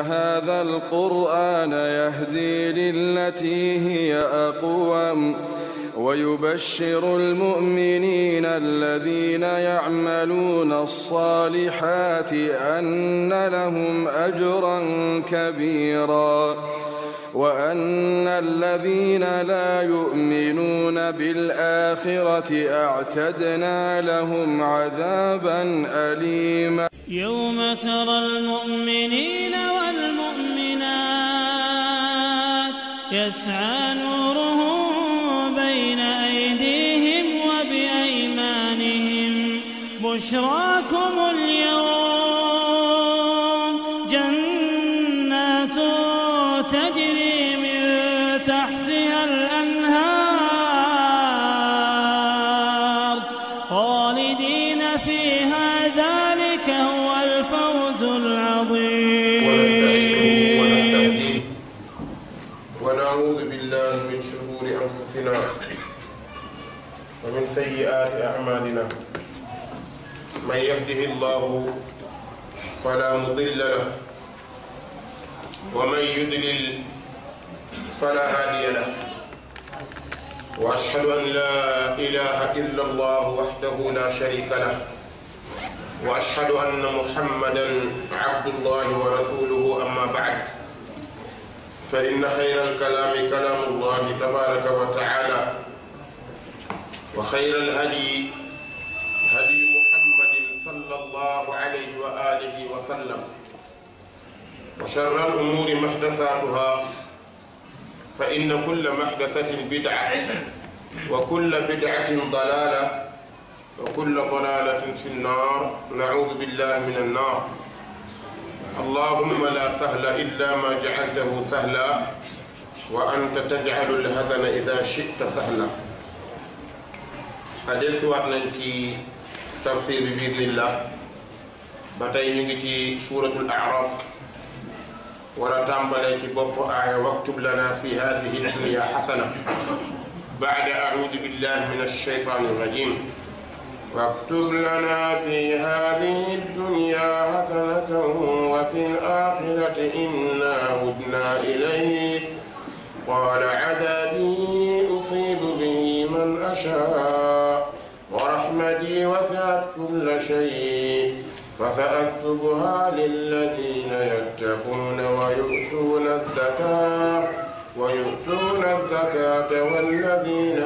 هذا القرآن يهدي للتي هي أقوم ويبشر المؤمنين الذين يعملون الصالحات أن لهم أجرا كبيرا وأن الذين لا يؤمنون بالآخرة أعتدنا لهم عذابا أليما يوم ترى المؤمنين والمؤمنين يسعى من يهده الله فلا مضل له ومن يضلل فلا هادي له واشهد ان لا اله الا الله وحده لا شريك له واشهد ان محمدا عبد الله ورسوله اما بعد فان خير الكلام كلام الله تبارك وتعالى وخير الهدي الله عليه وآله وسلم وشر الأمور محدثاتها فإن كل محدثة بدعة وكل بدعة ضلالة وكل ضلالة في النار نعوذ بالله من النار اللهم لا سهل إلا ما جعلته سهلا وأنت تجعل الهزن إذا شئت سهلا حديث وأنا تفسير بإذن الله ba tey ñu ngi ci suuratul araf war a tàmbalee ci bopp aaya waktub lana fi hadihi dunya xasana baada audu billahi min alshaytan irrajim واكتب لنا في هذه الدنيا حسنة وفي الآخرة إنا هدنا إليك قال عذابي أصيب به من أشاء ورحمتي وسعت كل شيء فسأكتبها للذين يتقون ويؤتون الزكاة ويؤتون الزكاة والذين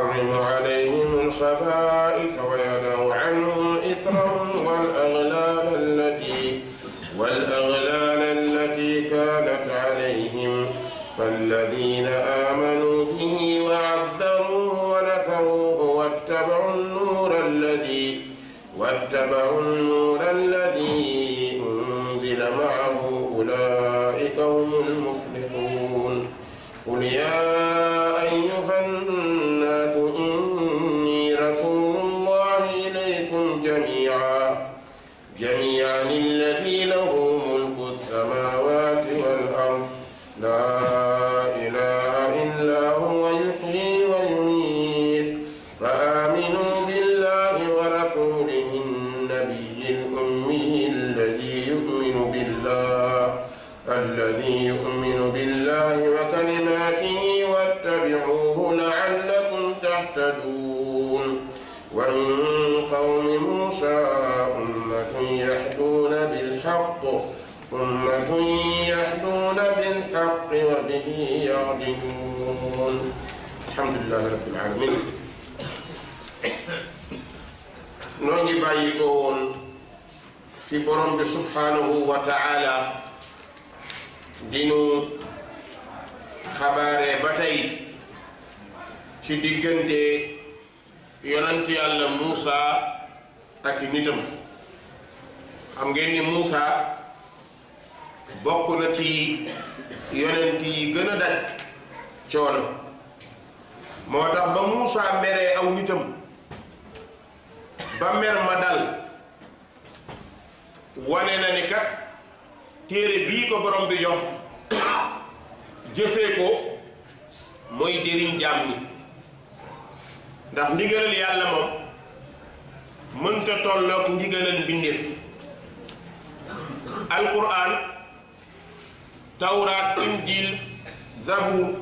ويحرم عليهم الخبائث ويدع عنهم إثرهم والأغلال التي والأغلال التي كانت عليهم فالذين آمنوا به وعذروه ونصروه واتبعوا النور الذي واتبعوا alamin noo ngi bàyyi ko woon fi borom bi subhanahu wa taala di nu xabaare ba tey ci diggante yonent Muusa ak nitam xam ngeen ni Muusa bokk na ci yonent gën a daj coono moo tax ba Muusaa meree aw nitam ba mer ma dal wane na ni kat téere bii ko borom bi jox jëfee ko mooy jëriñ jaam ni ndax ndigalal yàlla moom mënta tolloog ndigalal mbindéef alquran tawraat injil zabour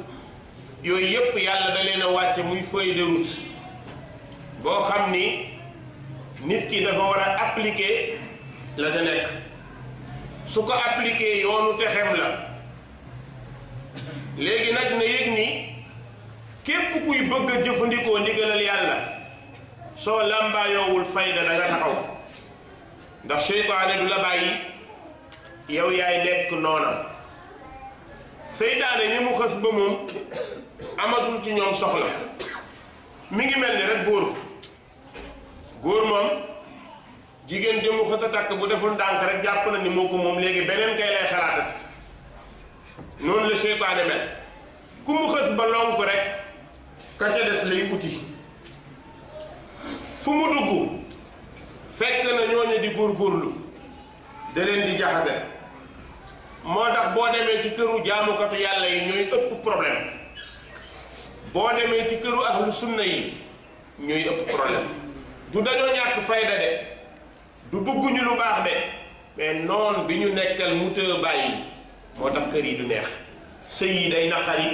yooyu yëpp yàlla da leen a wàcce muy feuille de boo xam ni nit ki dafa war a appliquer la ca nekk su ko appliquer yoonu texem la léegi nag na yëg ni képp kuy bëgg jëfandikoo ndigalal yàlla soo làmbaayoowul fayda da nga ndax seytaane du la bàyyi yow yaay nekk noona seytaane ñi mu xës ba moom amatul ci ñoom soxla mi ngi mel ni rek góor góor moom jigéen jëmu xës a takk bu deful ndànk rek jàpp na ni moo ko moom léegi beneen kay lay xalaatati noonu la seytaane mel ku mu xës ba lonk rek ka ca des lay uti fu mu dugg fekk na ñooñu di góorgóorlu da leen di jaxase moo tax boo demee ci këru jaamukatu yàlla yi ñooy ëpp problème boo demee ci këru ahlu sunna yi ñuy ëpp problème du dañoo ñàkk fayda de du bëgguñu lu baax de mais noon bi ñu nekkal mu tëë bàyyi moo tax kër yi du neex sëy yi day naqari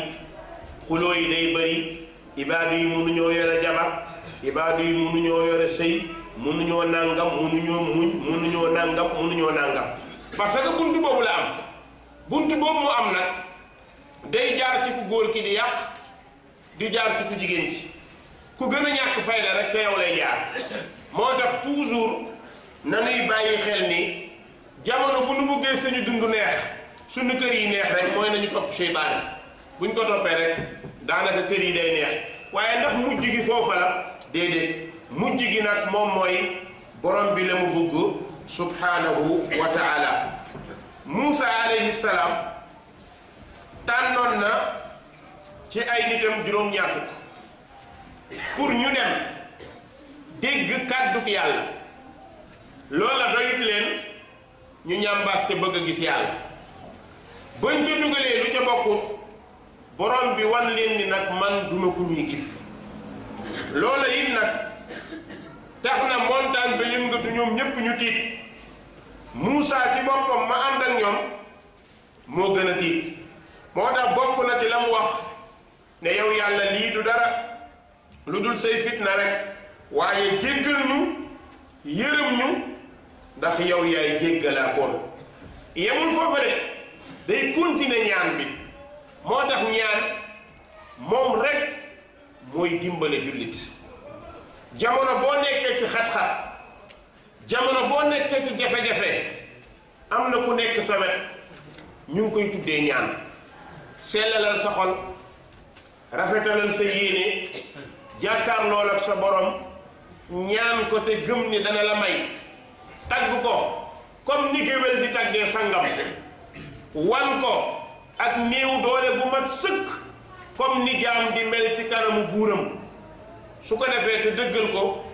xuloo yi day bëri ibaadu yi mënuñoo yore jabar ibaadu yi mënuñoo yore sëy mënuñoo nàngam mënuñoo muñ mënuñoo nàngam mënuñoo nàngam parce que bunt boobu la am bunt boobu mu am na day jaar ci ku góor ki di yàq di jaar ci ku jigéen ci ku gën a ñàkk fayda rek ca yow lay jaar moo tax toujours nanuy bàyyi xel ni jamono bu nu buggee suñu dund neex suñu kër yi neex rek mooy nañu topp seytaane buñ ko toppee rek daanaka kër yi day neex waaye ndax mujj gi foofu la déedéet mujj gi nag moom mooy borom bi la mu bëgg subhanahu wa taala Muusa alayhi salaam tànnoon na ci ay nitam juróom-ñaar pour ñu dem dégg kàdduk yàlla loola doyut leen ñu ñàmbaas te bëgg a gis yàlla bañ ca dugalee lu ca bokkut borom bi wan leen ni nag man duma ku ñuy gis loola it nag tax na montagne ba yëngatu ñoom ñépp ñu tiit Moussa ci boppam ma ànd ak ñoom moo gën a tiit moo tax bokk na ci la mu wax ne yow yàlla lii du dara lu dul say fitna rek waaye jéggal ñu yërëm ñu ndax yow yaay jéggalaakoon yemul foofa de day continuer ñaan bi moo tax ñaan moom rek mooy dimbale jullit jamono boo nekkee ci xat-xat jamono boo nekkee ci jafe-jafe am na ku nekk sa wet ñu ngi koy tuddee ñaan sellalal sa xol rafetalal sa yéene jàkkaarlool ak sa borom ñaan ko te gëm ni dana la may tagg ko comme ni géwél di taggee sangam wan ko ak néew doole bu mat sëkk comme ni jaam di mel ci kanamu buuram su ko defee te dëggal ko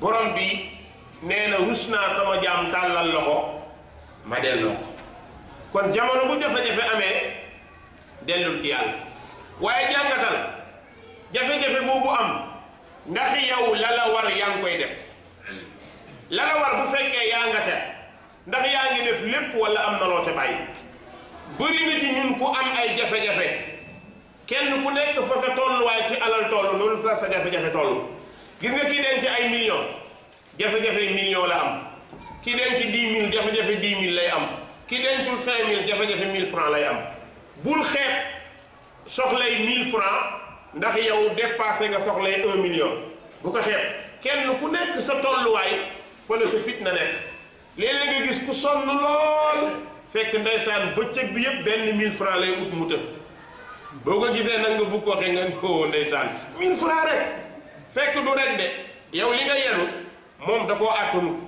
borom bi nee na rus naa sama jaam tàllal loxo ma delloo ko kon jamono bu jafe-jafe amee dellul ci yàlla waaye jàngatal jafe-jafe boobu am ndax yow la la war yaa ngi koy def la war bu fenkee yaa ngate ndax yaa ngi def lépp wala am na loo te bàyyi bëri na ci ñun ku am ay jafe-jafe kenn ku nekk fa sa tolluwaay ci alal toll loolu fa sa jafe-jafe toll gis nga ki denc ay million jafe-jafe million la am ki denc dix mille jafe-jafe dix mille lay am ki dencul cinq mille jafe-jafe mille francs lay am bul xeeb soxlay mille francs ndax yow dépassé nga soxlay 1 million bu ko xeeb kenn ku nekk sa tolluwaay fa la sa fitna nekk léeg-léeg nga gis ku sonn lool fekk ndeysaan bëccëg bi yëpp benn 1000 francs lay ut mu boo ko gisee nag nga bu ko waxee nga ko ndeysaan 1000 francs rek fekk du rek de yow li nga yenu moom da koo àttanut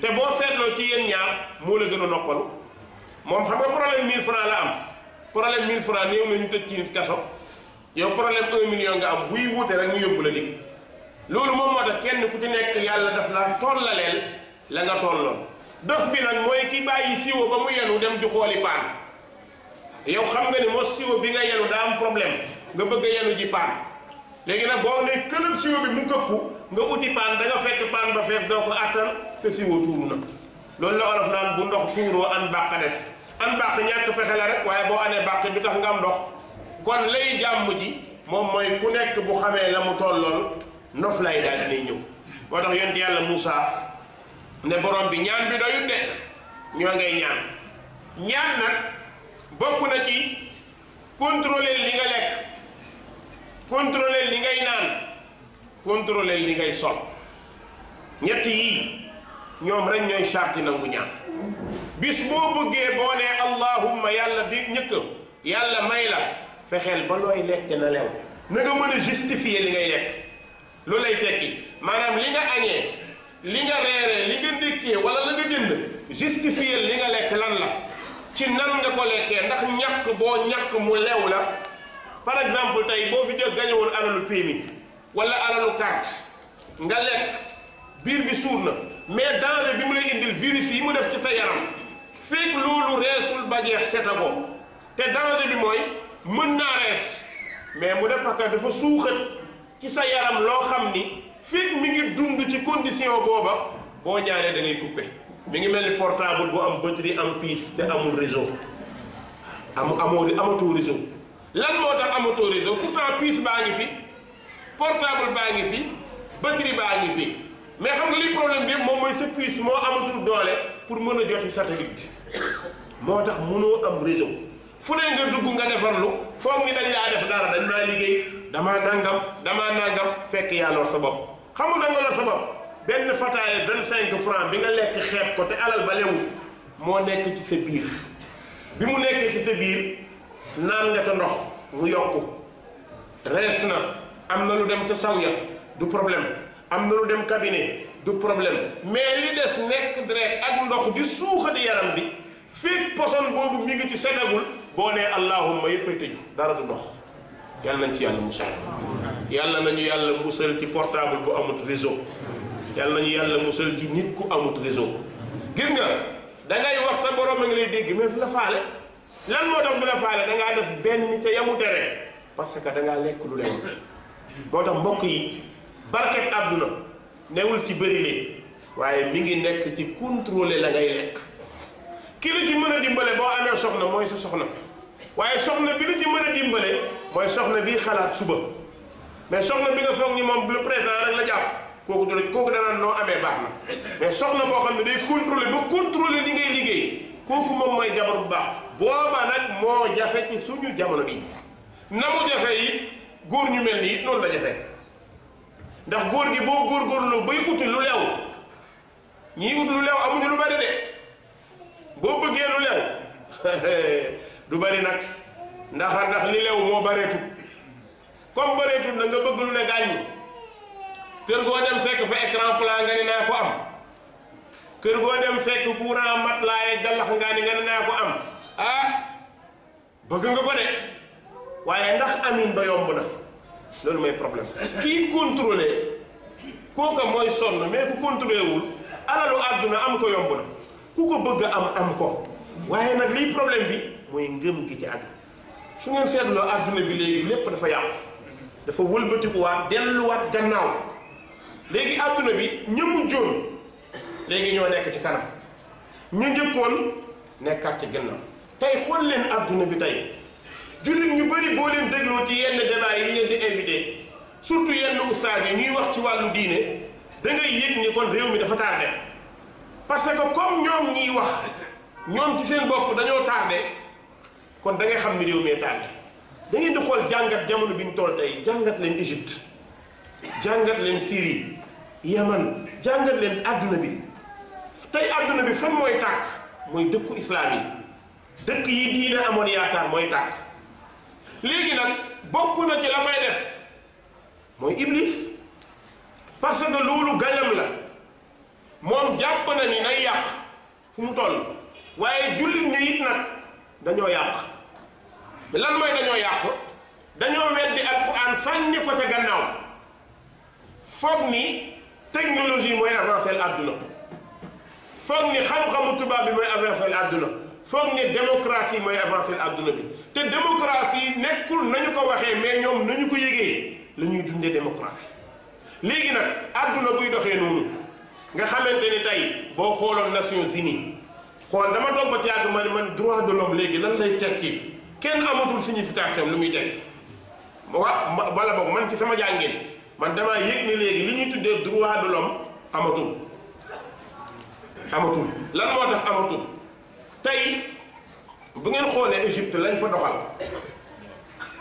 te boo seetloo ci yéen ñaar moo la gën a noppalu moom xam nga problème 1000 francs la am. problème 1000 francs néew na ñu tëj ci nit kaso yow problème 1 million nga am buy wuute rek ñu yóbbu la dig loolu moom moo tax kenn ku ci nekk yàlla daf la tollaleel la nga tolloon dof bi nag mooy ki bàyyi siwo ba mu yenu dem di xooli paan yow xam nga ni moo siwo bi nga yenu daa am problème nga bëgg a yenu ji paan léegi nag boo ne këlëb siwo bi mu këpp nga uti paan da nga fekk paan ba fees doo ko attan sa siwo tuuru na loolu la olof bu ndox tuuroo an bàqa des am bàq ñàkk pexe la rek waaye boo amee bàq du tax nga am ndox kon lay jàmm ji moom mooy ku nekk bu xamee la mu tollool nof lay daal dinay ñëw moo tax yonent yàlla Moussa ne borom bi ñaan bi doyut de ñoo ngay ñaan ñaan na bokk na ci contrôler li nga lekk contrôler li ngay naan contrôler li ngay sol ñett yii ñoom rek ñooy charte nangu ñaan bis boo bëggee boo nee allahumma yàlla di ñëkk yàlla may la fexeel ba looy lekk na lew na nga mën a justifier li ngay lekk lu lay tekki maanaam li nga añee li nga reeree li nga ndékkee wala la nga jënd justifier li nga lekk lan la ci nan nga ko lekkee ndax ñàkk boo ñàkk mu lew la par exemple tey boo fi jël gañewul alalu péemi wala alalu carte nga lekk biir bi suur na mais danger bi mu lay indil virus yi mu def ci sa yaram fekk loolu reesul ba jeex setagoo te danger bi mooy mën naa rees mais mu def parce dafa suuxat ci sa yaram loo xam ni fekk mu ngir dund ci condition booba boo ñaaree da ngay coupé mi ngi mel ni portable bu am batterie am piis te amul réseau am amoo amatoo réseau lan moo tax amatoo réseau pourtant piis baa ngi fi portable baa ngi fi batterie baa ngi fi mais xam nga li problème bi moom mooy sa puce moo amatul doole pour mën a joti satellite moo tax munoo am réseau fu ne nga dugg nga defarlu foog ni dañ laa def dara dañ maa liggéey damaa nangam damaa nangam fekk yàlla lor sa bopp xamul da nga lor sa bopp benn fataaye vingt cinq franc bi nga lekk xeet ko te alal ba lewul moo nekk ci sa biir bi mu nekkee ci sa biir naan nga ca ndox mu yokku rees na am na lu dem ca saw ya du problème am na lu dem cabinet du problème mais li des nekk deret ak ndox di suuxati yaram bi fii poson boobu mu ngi ci setagul boo nee allahumma yëpp ay tëju dara du ndox yàlla nañ ci yàlla musal nañu yàlla musal ci portable bu amut réseau yàlla nañu yàlla musal ci nit ku amut réseau gis nga dangay wax sa borom a ngi lay dégg mais du la faale lan moo tax du la faale dangaa def benn ca yamu tere parce que dangaa lekk lu leen moo tax mbokk yi barket àdduna newul ci bërile waaye mi ngi nekk ci contrôler la ngay lekk ki la ci mën a dimbale boo amee soxna mooy sa soxna waaye soxna bi la mën dimbale mooy soxna bi xalaat suba mais soxna bi nga foog ni moom le président la jàpp kooku du la kooku danaan noo amee baax na mais soxna boo xam ne day contrôler ba contrôler li ngay liggéey kooku moom mooy jabar bu baax booba nag moo jafe ci suñu jamono bi na mu jafe it góor ñu mel ni it noonu la jafe ndax góor gi boo góorgóorloo bay uti lu leew ñii ut lu leew amuñu lu bari de boo bëggee lu leew du bari nag ndax ndax li leew moo bareetut comme bareetut na nga bëgg lu ne gaaññi kër goo dem fekk fa écran plat nga am kër goo dem fekk courant mat gallax nga ni nga ni naa ko am ah bëgg nga ko de waaye ndax amin ba yomb na loolu mooy problème kii contrôler kooka mooy sonn mais ku contrôler wul alalu àdduna am ko yomb na ku ko bëgg a am am ko waaye nag liy problème bi mooy ngëm gi ci àdduna su ngeen seetloo àdduna bi léegi lépp dafa yàqu dafa wëlbatikuwaat delluwaat gannaaw léegi àdduna bi ñëmu joon léegi ñoo nekk ci kanam ñu njëkkoon nekkaat ci gannaaw tey xool leen àdduna bi tey jullit ñu bëri boo leen dégloo ci yenn débat yi ñu leen di invité surtout yenn ustaas yi ñuy wax ci wàllu diine da ngay yëg ni kon réew mi dafa tardé parce que comme ñoom ñiy wax ñoom ci seen bopp dañoo tardé kon da ngay xam ni réew mi tardé da ngeen di xool jàngat jamono bi ñu toll tey jàngat leen Égypte jàngat leen Syrie Yaman jàngat leen àdduna bi tey àdduna bi fan mooy tàkk mooy dëkku islaam yi dëkk yi diine amoon yaakaar mooy tàkk léegi nag bokk na ci la koy def mooy iblis parce que loolu gañam la moom jàpp na ni nay yàq fu mu toll waaye jullit ñi it dañoo yàq lan mooy dañoo yàq dañoo weddi alxuraan sànni ko ca gannaaw foog ni technologie mooy avancé àdduna foog ni xam-xamu tubaab bi mooy avancé àdduna foog ne démocratie mooy avancé àdduna bi te démocratie nekkul nañu ko waxee mais ñoom nañu ko yëgee la ñuy dundee démocratie léegi nag àdduna buy doxee noonu nga xamante ni tey boo xooloon Nations Unies xool dama toog ba ci yàgg ma ne man droit de l'homme léegi lan lay tekki kenn amatul signification lu muy tekki wa wala boog man ci sama jàngin man damaa yëg ni léegi li ñuy tuddee droit de l'homme amatul amatul lan moo tax amatul tey bu ngeen xoolee Égypte lañ fa doxal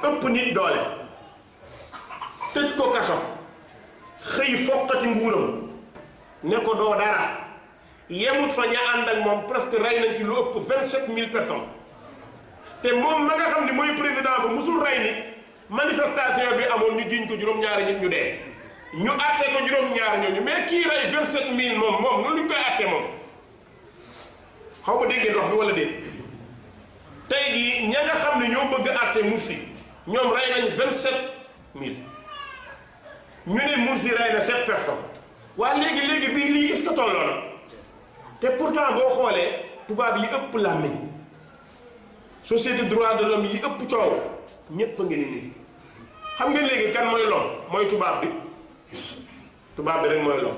ëpp nit doole tëj ko kaso xëy foqati nguuram ne ko doo dara yemut fa ña ànd ak moom presque rey nañ ci lu ëpp vingt sept mille personne te moom ma nga xam ni mooy président ba musul rey nit manifestation bi amoon ñu jiiñ ko juróom-ñaari ñu ñu dee ñu àttee ko juróom-ñaari ñooñu mais kii rey vingt sept mille moom moom nga luñ koy àttee moom xaw ma dégg ngeen mi bi wala déet tey jii ña nga xam ne ñoo bëgg a àtte si ñoom rey nañ vingt sept mille ñu ne si rey na sept personnes waaye léegi léegi bii lii est-ce que tolloo na te pourtant boo xoolee tubaab yi ëpp làmmiñ société droit de l'homme yi ëpp coow ñépp a ngi nii xam nga léegi kan mooy lom mooy tubaab bi tubaab bi rek mooy lom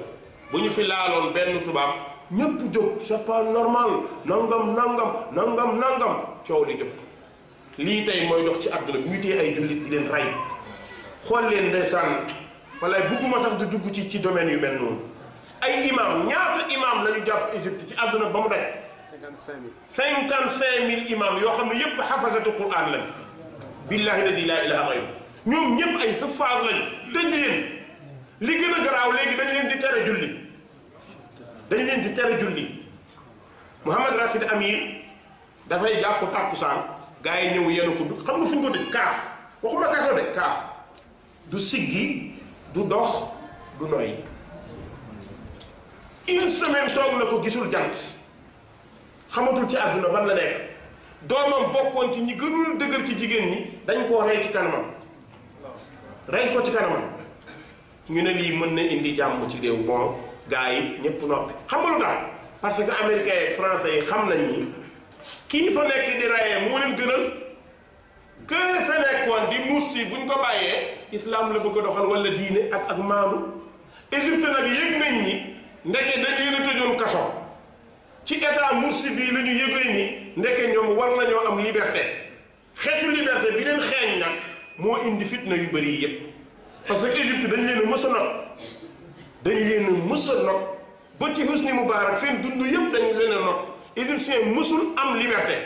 bu ñu fi laaloon benn tubaab ñëpp jóg c'est pas normal nangam nangam nangam nangam coow li jóg lii tey mooy dox ci àdduna bi ñu téye ay jullit di leen rey xool leen de ndeysaan walaay bugguma tax di dugg ci ci domaine yu mel noonu ay imam ñaata imam la ñu jàpp Égypte ci àdduna ba mu daj. 55000 55000 imam yoo xam ne yëpp xafasatu Qur'an lañ. billahi alladi laa ilaha ghayru ñoom ñëpp ay xëfaas lañ tëj leen li gën a garaaw léegi dañ leen di tere julli. dañ leen di tere julli Mouhamad Rachid Amir dafay jàpp tàkkusaan gars yi ñëw yenu ko du xam nga fu ñu ko dëj kaaf waxuma kaso de kaaf du siggi du dox du noy une semaine toog na ko gisul jant xamatul ci àdduna ban la nekk doomam bokkoon ci ñi gënul dëgër ci jigéen ñi dañ koo rey ci kanamam rey ko ci kanamam ñu ne lii mën na indi jàmm ci réew bon gars yi ñëpp noppi xam nga lu tax parce que américains yi français yi xam nañ ni kii fa nekk di rayee moo leen gënal gën fa nekkoon di muus si buñ ko bàyyee islam la bëgg a doxal wala diine ak ak maamu Égypte nag yëg nañ ni ndeke dañ leen tëjoon kaso ci état mursi bii la ñu yëgee ni ndeke ñoom war nañoo am liberté xeetu liberté bi leen xeeñ nag moo indi na yu bëri yëpp parce que Égypte dañ leen a dañu leen a mës a not ba ci Husni Mubaarak seen dund yëpp dañu leen a not égyptien mësul am liberté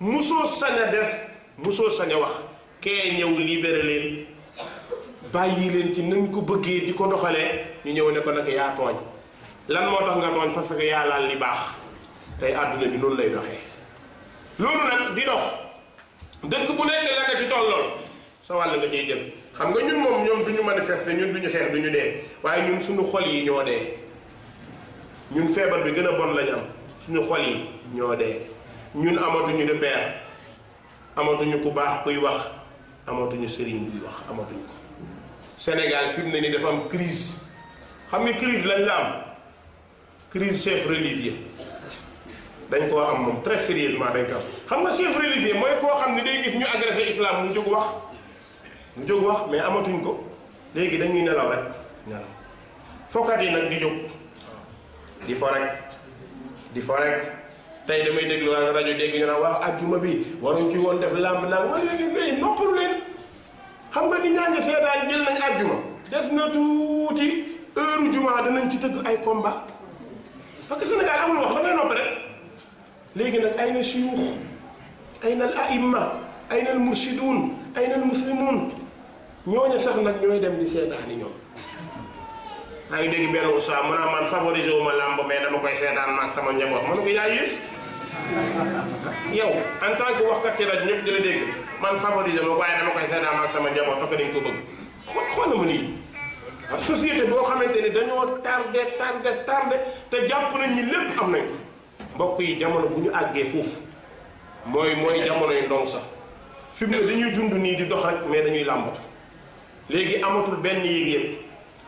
mësoo sañ a def mësoo sañ a wax kee ñëw libéré leen bàyyi leen ci nañ ko bëggee di ko doxalee ñu ñëw ne ko nag yaa tooñ lan moo tax nga tooñ parce que yaa laal li baax tey àdduna bi loolu lay doxee loolu nag di dox dëkk bu nekk la nga ci tolloon sa wàll nga cay jëm xam nga ñun moom ñoom du ñu manifester ñun du ñu xeex du ñu dee waaye ñun suñu xol yi ñoo dee ñun feebar bi gën a bon lañu am suñu xol yi ñoo ñun amatuñu repère amatuñu ku baax kuy wax amatuñu sëriñ buy wax amatuñu ko Sénégal fi mu ne nii dafa am crise xam nga crise lañ la am crise chef religieux dañ koo am moom très sérieusement dañ ko am xam nga chef religieux mooy koo xam ne day gis ñu agressé islam mu jóg wax. mu jóg wax mais amatuñ ko léegi dañuy nelaw rek nelaw fokkat yi nag di jóg di fo di fo rek tey damay déglu waa rajo dégg ñu naan waaw ajjuma bi waruñ ci woon def làmb naan wala léegi mais noppalu leen xam nga ni ñaa seetaan jël nañ ajjuma des na tuuti heure juma danañ ci tëgg ay combat parce su Sénégal amul wax da nopp rek léegi nag ay na siyuux ay na al aïmma ay na al mursidun ñooñu sax nag ñooy dem di seetaani ñoom maa ngi dégg benn oustaz mu naa man favoriser wu ma làmb mais dama koy seetaan maag sama njaboot ma ne ko yaa yées yow en tant wax waxkat ci rajo ñëpp di la dégg man favoriser ma waaye dama koy seetaan maag sama njaboot parce que ko bëgg xo xoolal ma nii société boo xamante ni dañoo tardé tardé tardé te jàpp nañ ni lépp am nañ mbokk yi jamono bu ñu àggee foofu mooy mooy jamono yu ndong sax fi mu dañuy dund nii di dox rek mais dañuy làmbatu. léegi amatul benn yëg-yëg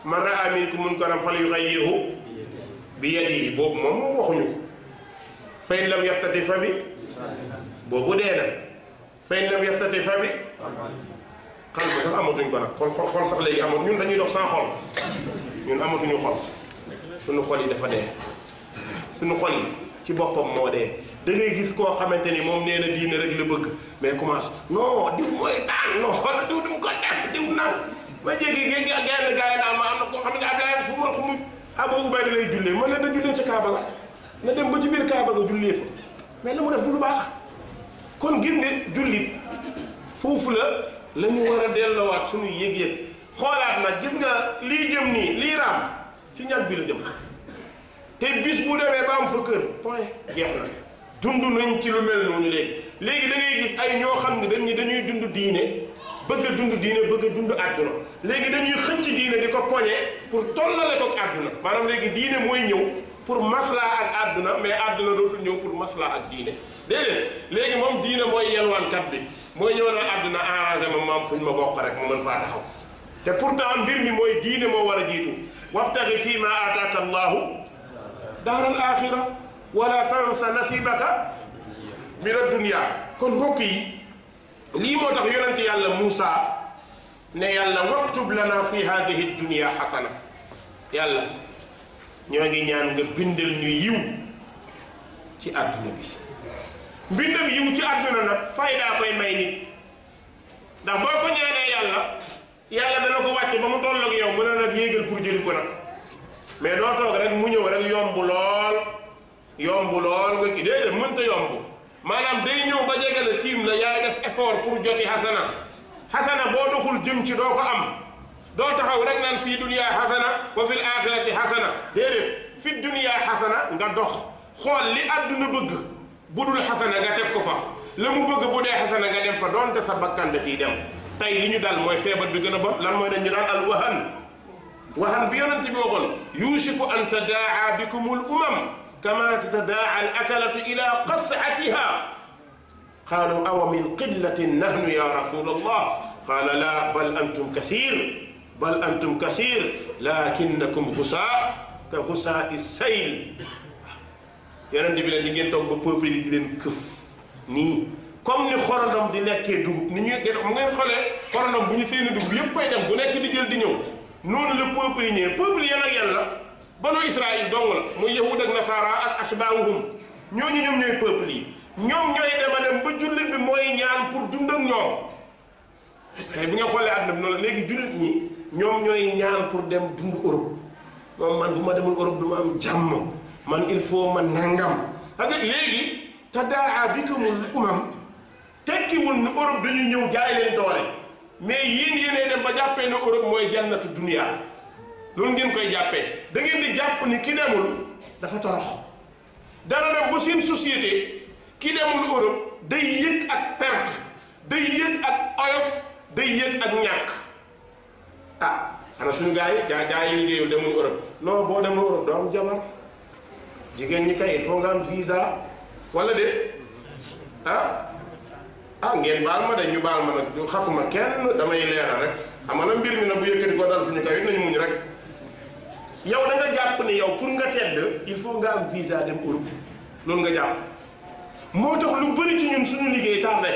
man raa minkum munkaran falyughayyirhu bi yadihi boobu moom moom waxuñu ko fa in lam yastati fa bi boobu dee na fa in lam yastati fa bi xal bi sax amatuñ ko nag kon xol sax léegi amat ñun dañuy dox sans xol ñun amatuñu xol suñu xol yi dafa dee suñu xol yi ci boppam moo dee da ngay gis koo xamante ni moom nee na diine rek la bëgg mais commence non diw mooy daan non wala diw ko def diw naw ma jéggi géej gi ak genn gars yi ma am na koo xam ne Abdoulaye fu mal xumul a Ubayda lay jullee man ne na jullee ca Kaaba la dem ba ci biir Kaaba ga jullee fa mais la mu def du lu baax kon gis nga jullit foofu la la ñu war a delloowaat suñu yëg-yëg xoolaat na gis nga lii jëm nii lii raam ci ñag bi la jëm te bis bu demee ba am fa kër point jeex na dund nañ ci lu mel noonu léegi léegi da ngay gis ay ñoo xam ne dañuy dañuy dund diine bëgg a dund diine bëgg a dund àdduna léegi dañuy xëcc diine di ko poñee pour tollale ko àdduna maanaam léegi diine mooy ñëw pour maslaa ak àdduna mais àdduna dootul ñëw pour maslaa ak diine déedéet léegi moom diine mooy yelwaankat bi mooy ñëw na àdduna arrangé ma maam fuñ ma bokk rek ma mën faa taxaw te pour pourtant mbir mi mooy diine moo war a jiitu wabtaxi fii ma aataaka allahu daaral wala tansa nasibaka mina dunya kon bokk yi lii moo tax yonent yàlla Moussa ne yàlla waktub lana fi hadihi dunya xasana yàlla ñoo ngi ñaan nga bindal ñu yiw ci àdduna bi mbindam yiw ci àdduna nag faydaa koy may nit ndax boo ko ñaanee yàlla yàlla dana ko wàcc ba mu toll ak yow mu ne nag yéegal pour ko nag mais doo toog rek mu ñëw rek yomb lool yomb lool nga ki déedéet mënta yomb maanaam day ñëw ba jege la tiim la yaay def effort pour joti xasana xasana boo doxul jëm ci doo ko am doo taxaw rek naan fii duniyaa xasana wa fil axirati xasana déedéet fi duniyaa xasana nga dox xool li àdduna bëgg bu dul xasana nga teg ko fa la mu bëgg bu dee xasana nga dem fa doonte sa bakkan da ciy dem tey li ñu dal mooy feebar bi gën a bon lan mooy dañu daan al wahan wahan bi yonent bi waxoon yuusiku an tadaa bikumul umam كما تتداعى الأكلة إلى قصعتها قالوا أو من قلة نحن يا رسول الله قال لا بل أنتم كثير بل أنتم كثير لكنكم غساء كغساء السيل yonent bi leen di ngeen toog ba peuple yi di leen këf nii comme ni xorondom di lekkee dugub ni ñuy mu ngeen xoolee xorondom bu ñu seeni dugub yëpp koy dem bu nekk di jël di ñëw noonu la peuple yi ñëwee peuple yéen ak yàlla banu Israël dong la mooy yahud ak nasaara ak asbaahum ñooñu ñoom ñooy peuple yi ñoom ñooy dema dem ba jullit bi mooy ñaan pour dund ak ñoom tey eh, xoolee àdduna bi noonu léegi jullit ñi ñoom ñooy ñaan pour dem dund Europe moom man bu ma demul Europe du ma am jàmm man il faut ma nangam xam nga léegi tadaa bikumul umam tekkiwul ni Europe dañuy ñëw jaay leen doole mais yéen yenee dem ba jàppee ne Europe mooy jannatu dunia loolu ngeen koy jàppee da ngeen di jàpp ni ki demul dafa torox dara dem ba seen societé ki demul Europe day yëg ak perte day yëg ak oyof day yëg ak ñàkk ah xanaa suñu gars yi gaa gaa yi ñu ngi boo demul Europe jigéen ñi kay il faut nga am visa wala de ah ah ngeen baal ma de ñu baal ma nag xasuma kenn damay leeral rek xam nga mbir mi nag bu yëkkati ko dal suñu kaw it nañu muñ rek. yow da nga jàpp ne yow pour nga tedd il faut nga am visa dem Europe loolu nga jàpp moo tax lu bari ci ñun suñu liggéey tardé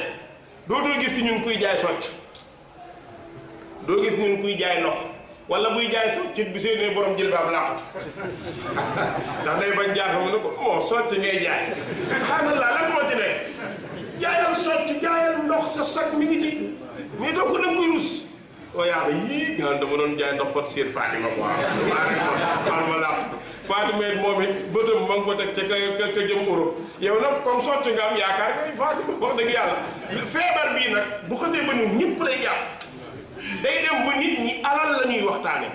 dootoo gis ci ñun kuy jaay socc doo gis ñun kuy jaay ndox wala buy jaay socc bu seen borom jëlbaab làqatu ndax day bañ jaar xam ne ko moo oh, socc ngay jaay subhanallah lan moo ci nekk jaayal socc jaayal ndox sa sag mi ngi ci mais doo ko da nga rus waaye yàlla yii nga xam dama doon jaay ndox far seen Fatima quoi maa ma làq Fatima it moom it bëtëm ma ngi ko teg ca ka ka jëm Europe yow nag comme sotti nga am yaakaar nga yàlla feebar bii nag bu xëtee ba ñun ñëpp lay jàpp day dem ba nit ñi alal la ñuy waxtaane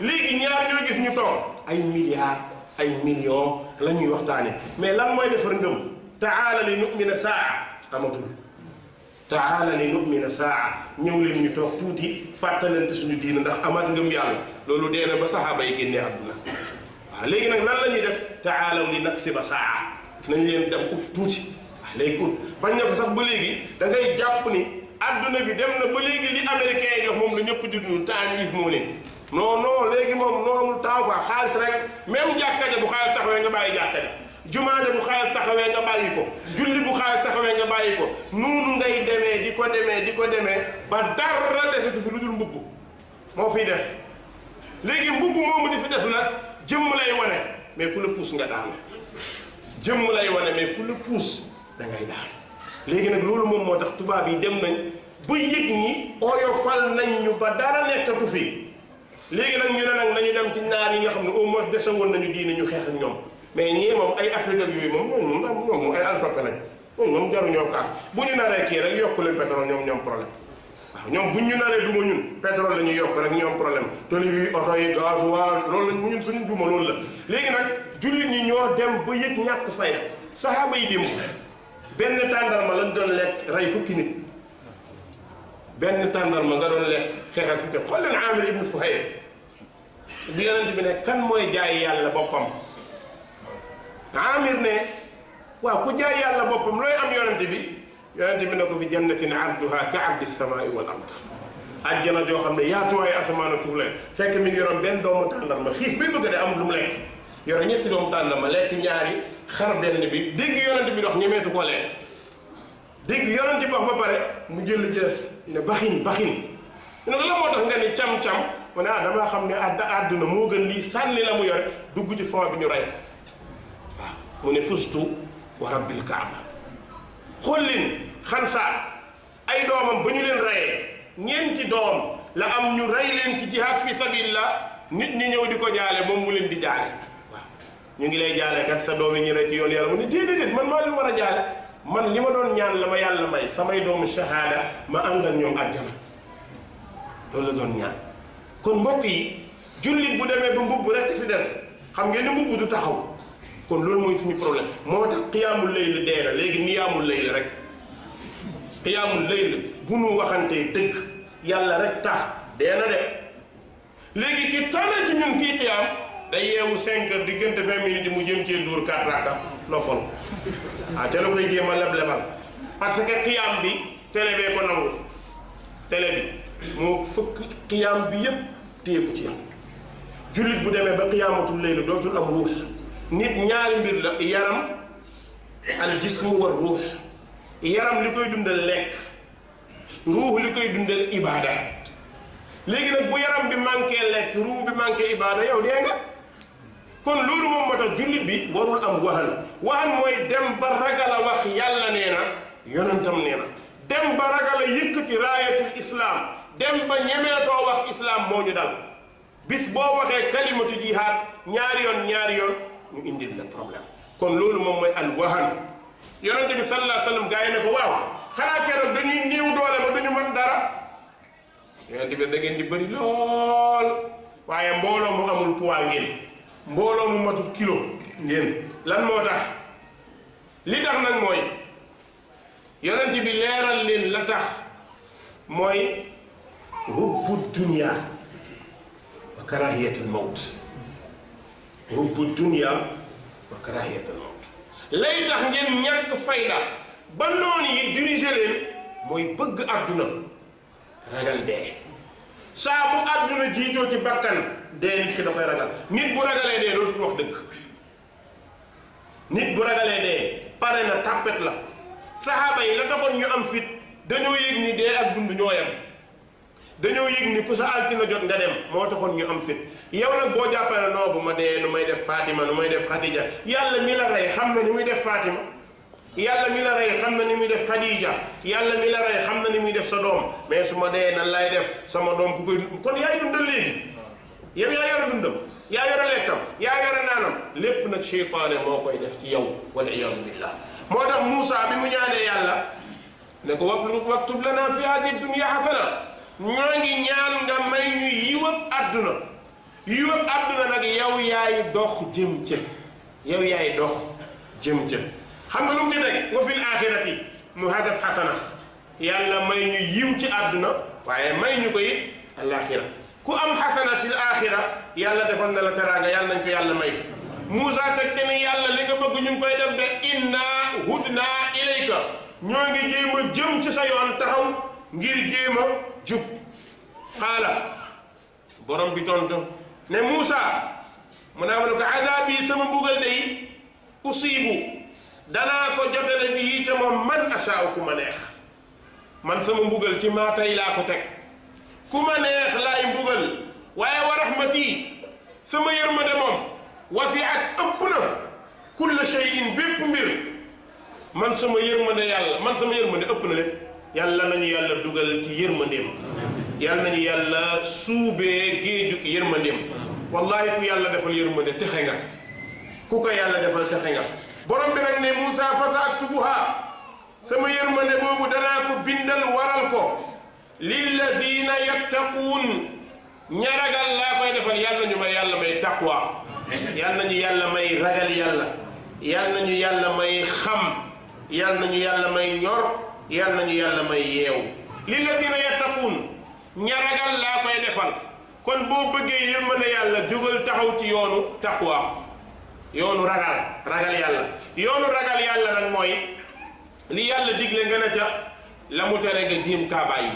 léegi ñaar ñoo gis ñu toog ay milliards ay millions la ñuy waxtaane mais lan mooy defar ngëm taala li nu'mina saa amatul taala li nu'mina saa ñëw leen ñu toog tuuti fàttalante suñu diina ndax amaat mu yàlla loolu dee na ba saxaaba yi génnee àdduna waaw léegi nag nan la ñuy def taalaw li nag si ba saa nañ leen def tuuti léegi ut bañ na ko sax ba léegi da ngay jàpp ni àdduna bi dem na ba léegi li américain yi moom la ñëpp di dund temps moo ne non non léegi moom noo amul temps xaalis rek même jàkka ja bu xaalis taxawee nga bàyyi jàkka ja bu xaalis taxawee nga bàyyi ko bàyyi ko nuunu ngay demee di ko demee di ko demee ba dara desatu fi lu dul mbubb moo fiy def léegi mbubb moomu di fi des nag jëmm lay wane mais ku la puus nga daanu jëmm lay wane mais ku la puus da ngay léegi nag loolu moom moo tax tubaab yi dem nañ ba yëg ni oyofal nañ ñu ba dara nekkatu fi léegi nag ñu ne nag nañu dem ci naar yi nga xam ne au moins dese woon nañu diine ñu xeex ak ñoom mais ñii moom ay afrique yooyu moom moom moom ay altoppe lañ moom moom jaru ñoo kaas bu ñu naree kii rek yokku leen pétrole ñoom ñoom problème waaw ñoom bu ñu naree duma ñun pétrole la ñuy yokk rek ñoom problème tali bi oto yi gaz waa loolu lañ ñun suñu duma loolu la léegi nag jullit ñi ñoo dem ba yëg ñàkk fayda saxaaba yi dem benn tàndarma lañ doon lekk rey fukki nit benn tàndarma nga doon lekk xeexal fukki xool leen Amir ibn Fuhayr bi yonent bi ne kan mooy jaay yàlla boppam Amir ne waaw ku jaay yàlla boppam looy am yonent bi yonent bi ne ko fi jannatin arduha ka ardi samaai wal ard àjjana joo xam ne yaatuwaay asamaan ak suuf leen fekk mi ngi yoroon benn doomu tàndarma xiif bi bëgg de amul lu mu lekk yore ñetti doomu tàndarma lekk ñaari xar benn bi dégg yonent bi dox ñemeetu koo lekk dégg yonent bi wax ba pare mu jël jees ne baxin baxin ne la moo tax nga ni cam-cam mu ne ah damaa xam ne àdd àdduna moo gën lii sànni la mu yore dugg ci fond bi ñu rey ko mu ne fustu wa rabbil kaaba xollin xansaat ay doomam ba ñu leen rayee ñeenti doom la am ñu rey leen ci jihaad fi sabilillah nit ñi ñëw di ko jaale moom mu leen di jaale waaw ñu ngi lay jaale kat sa doom yi ñu rey ci yoon yàlla mu ne déedéet man maa leen war a jaale man li ma doon ñaan la ma yàlla may samay doomu shahada ma ànd ak ñoom àjjana loolu la doon ñaan kon mbokk yi jullit bu demee ba mbubb rekk fi des xam ngeen ni mbubb du taxaw kon loolu mooy suñu problème moo tax xiyaamul layl dee na léegi niyaamul layl rek xiyaamul layl bu nu waxantee dëgg yàlla rek tax dee na de léegi ki tànn ci ñun kii xiyaam day yeewu 5 diggante 20 minutes mu jëm cee duur 4 rakka noppal ah ca la koy jéem a leblebal parce que xiyaam bi télé bee ko nangu télé bi moo fëkk xiyaam bi yépp téye ci yam jullit bu demee ba xiyaamatul layl dootul am ruux nit ñaari mbir la yaram al jismu war ruux yaram li koy dundal lekk ruux li koy dundal ibaada léegi nag bu yaram bi manqué lekk ruux bi manqué ibaada yow dee nga kon loolu moom moo jullit bi warul am waxan waxan mooy dem ba ragal a wax yàlla nee na yonentam nee na dem ba ragal a yëkkati raayatul islaam dem ba ñemeetoo wax islaam moo ñu dal bis boo waxee kalimatu jihaad ñaari yoon ñaari yoon mu indi la problème kon loolu moom mooy al wahan yonente bi sallallahu alayhi wa sallam gaa yi ne ko waaw xanaa keroog dañuy néew doole ba duñu mën dara yonente bi da ngeen di bëri waaye mbooloo mu amul poids ngeen mbooloo mu matul kilo ngeen lan moo tax li tax nag mooy yonente bi leeral leen la tax mooy hubbu dunya wa karahiyatul mawt hubbu dunya wa karahiyatal mawt lay tax ngeen ñàkk fayda ba noonu yi diriger mooy bëgg àdduna ragal dee saa bu àdduna jiitoo ci bakkan dee nit ki da koy ragal nit bu ragalee dee dootul wax dëgg nit bu ragalee dee pare na tàppet la saxaaba yi la taxoon ñu am fit dañoo yëg ni dee ak dund ñoo yem dañoo yëg ni ku sa altine jot nga dem moo taxoon ñu am fit yow nag boo jàppale noo bu ma dee nu may def Fatima nu may def Khadija yàlla mi la rey xam na ni muy def Fatima yàlla mi la rey xam na ni muy def Khadija yàlla mi la rey xam na ni muy def sa doom mais su ma dee nan lay def sama doom ku koy kon yaay dundal léegi yow yaa yore dundam yaa yore lekkam yaa yore naanam lépp nag seytaane moo koy def ci yow wal iyaadu billah moo tax Moussa bi mu ñaanee yàlla ne ko waktub lanaa fi haadihi dunya ñoo ngi ñaan nga may ñu yiwab àdduna yiwab àdduna nag yow yaay dox jëm ca yow yaay dox jëm xam nga lu mu ci teg wa fil axirati mu hadaf xasana yàlla may ñu yiw ci àdduna waaye may ñu ko it ku am xasana fil axira yàlla defal na la teraanga yàlla nañ ko yàlla may Moussa teg te ne yàlla li nga bëgg ñu ngi koy def de inna hudna ilayka ñoo ngi jéem jëm ci sa yoon taxaw ngir jéem jub xaala borom bi tontu ne Moussa mu naa ma ne ko azaabi sama mbugal day usiibu danaa ko jotale bii ca moom man asaaw ku ma neex man sama mbugal ci maa tey laa ko teg ku ma neex laay mbugal waaye wa rahmati sama yërmande moom wasiat ëpp na kulla shay'in bépp mbir man sama yërmande yàlla man sama yërmande ëpp na lépp yàlla nañu yàlla dugal ci yërmandeem yàlla nañu yàlla suubee géeju yërmandeem wallahi ku yàlla defal yërmande texe nga ku ko yàlla defal texe nga borom bi nag ne Moussa fasa aktubuha sama yërmande boobu danaa ko bindal waral ko lillazina yattaquun ña ragal laa koy defal yàlla nañu may yàlla may taqwa yàlla nañu yàlla may ragal yàlla yàlla nañu yàlla may xam yàlla nañu yàlla may ñor yal nañu yàlla may yeewu lilladina yattaquun ña ragal laa koy defal kon boo bëggee yërmande yàlla jógal taxaw ci yoonu taqwa yoonu ragal ragal yàlla yoonu ragal yàlla nag mooy li yàlla digle nga ne ca la mu tere nga jéem kaa bàyyi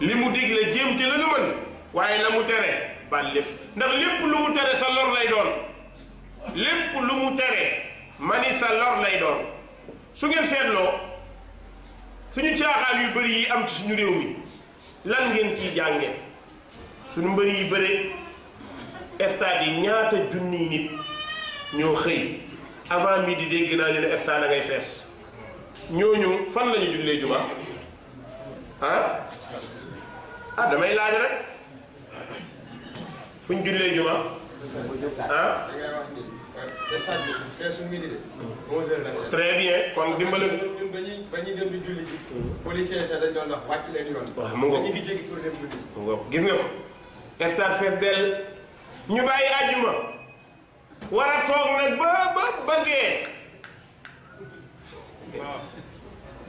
li mu digle jéem ci la nga mën waaye la mu tere ban lépp ndax lépp lu mu tere sa lor lay doon lépp lu mu tere mani sa lor lay doon su ngeen seetloo suñu caaxaan yu bëri yi am ci suñu réew mi lan ngeen ciy jànge suñu mbër yi bëre stade yi ñaata junniy nit ñoo xëy mii di dégg naa ñu ne stade da ngay fees ñooñu fan lañu jullee juma ah ah damay laaj rek fuñ jullee juma ah. très bien kon dimbali. ñun ba ñuy ba ñuy dem di julli ji. policiers sax dañ doon wax wàcc leen yoon. waaw mu ngoog ñu ngi jéggi pour dem julli. mu ngoog gis nga ko. stade fees dell ñu bàyyi àjjuma. war a toog nag ba ba bëggee. waaw.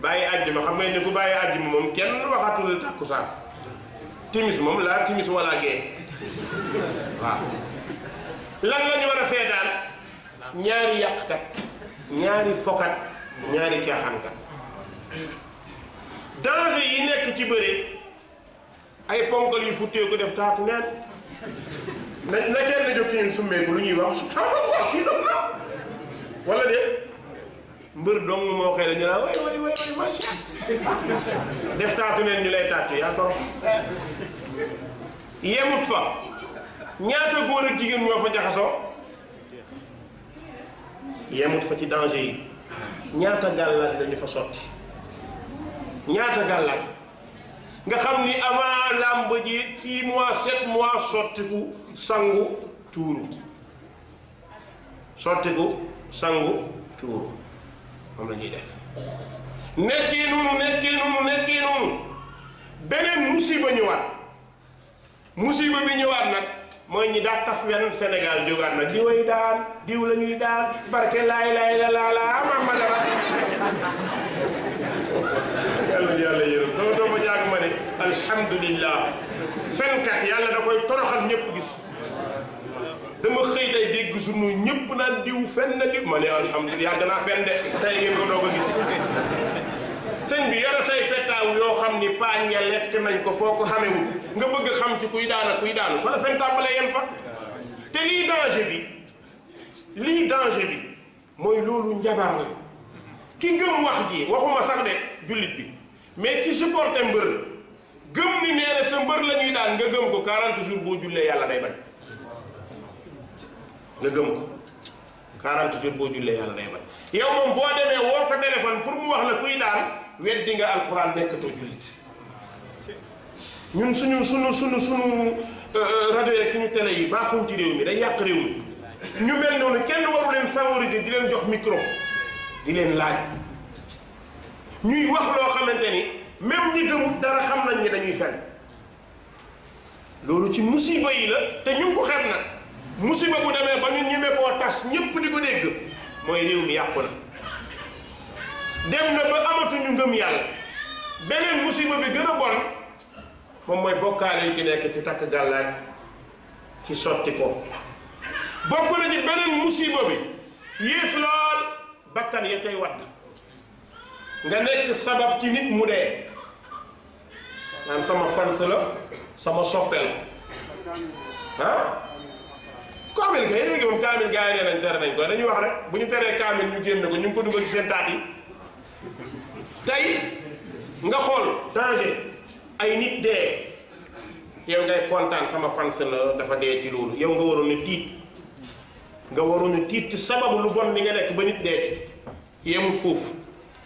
bàyyi àjjuma xam nga ni ku bàyyi àjjuma moom kenn waxatul takkusaan. timis moom laa timis wala gee. waaw. lan la ñu war a seetaan ñaari yàqkat. ñaari fokat ñaari caaxaankat danger yi nekk ci bëre ay ponkal yu futteeku def taatu neen na na kenn jóg ñun summeeku lu ñuy wax subhanallah kii dof na wala de mbër dong moo xëy la ñu naan way way way way def taatu neen ñu lay tàcc yaa toro yemut fa ñaata góor ak jigéen ñoo fa jaxasoo yemut fa ci danger yi ñaata gàllaaj dañu fa sotti ñaata gàllaaj nga xam ni avant làmb ji six mois sept mois sottiku sangu tuuru sottiku sangu tuuru moom la ñuy def nekkee noonu nekkee noonu nekkee noonu beneen musiba ñëwaat musiba bi ñëwaat nag mooy ñi daa taf senegal Sénégal jógaan na diw ay daan diw la ñuy barke laay laay la laa laa maam ma dara yàlla yàlla yërëm doo ba jàng ma ne alhamdulillah fenkat yàlla da koy toroxal ñëpp gis dama xëy tey dégg sunu ñëpp naan diw fen na diw ma ne alhamdulillah yàgg naa fen de tey ngeen ko doog a gis sëñ bi yore say pettaaw yoo xam ni paañ ya lekk nañ ko foo ko xamewul nga bëgg xam ci kuy daana kuy daanu fa la fen tàmbalee yem fa te lii danger bi lii danger bi mooy loolu njabar la ki gëm wax ji waxuma sax de jullit bi mais ki supporté mbër gëm ni nee sa mbër la ñuy daan nga gëm ko 40 jours boo jullee yàlla day bañ nga gëm ko 40 jours boo jullee yàlla day bañ yow moom boo demee woo ko pour mu wax la kuy daan weddi nga alxuraan nekkatoo jullit ñun suñu suñu suñu suñu euh, euh, rajo yeeg suñu télé yi baaxuñ ci réew mi day yàq réew mi ñu mel noonu kenn waru leen favoriser di leen jox micro di leen laaj ñuy wax loo xamante ni même ñi gëmut dara xam nañ ni dañuy fen loolu ci musiba yi la te ñu ko xam na musiba bu demee ba ñu ñeme koo tas ñépp di ko dégg mooy réew mi yàqu na dem na ba amatuñu ngëm yàlla beneen musiba bi gën a bon moom mooy bokkaale yi ci nekk ci takk gàllaaj ci sotti ko bokk na ci beneen musiba bi yées lool bakkan ya cay wadd nga nekk sabab ci nit mu dee naan sama fans la sama soppe la ah kaamil gay léegi moom kaamil gars yi nee nañ tere nañ ko dañuy wax rek bu ñu teree kaamil ñu génn ko ñu ngi ko dugal ci seen taat yi tey nga xool danger ay nit dee yow ngay kontaan sama fans la dafa dee ci loolu yow nga waroon a tiit nga waroon a tiit ci sababu lu bon li nga nekk ba nit dee ci yemut foofu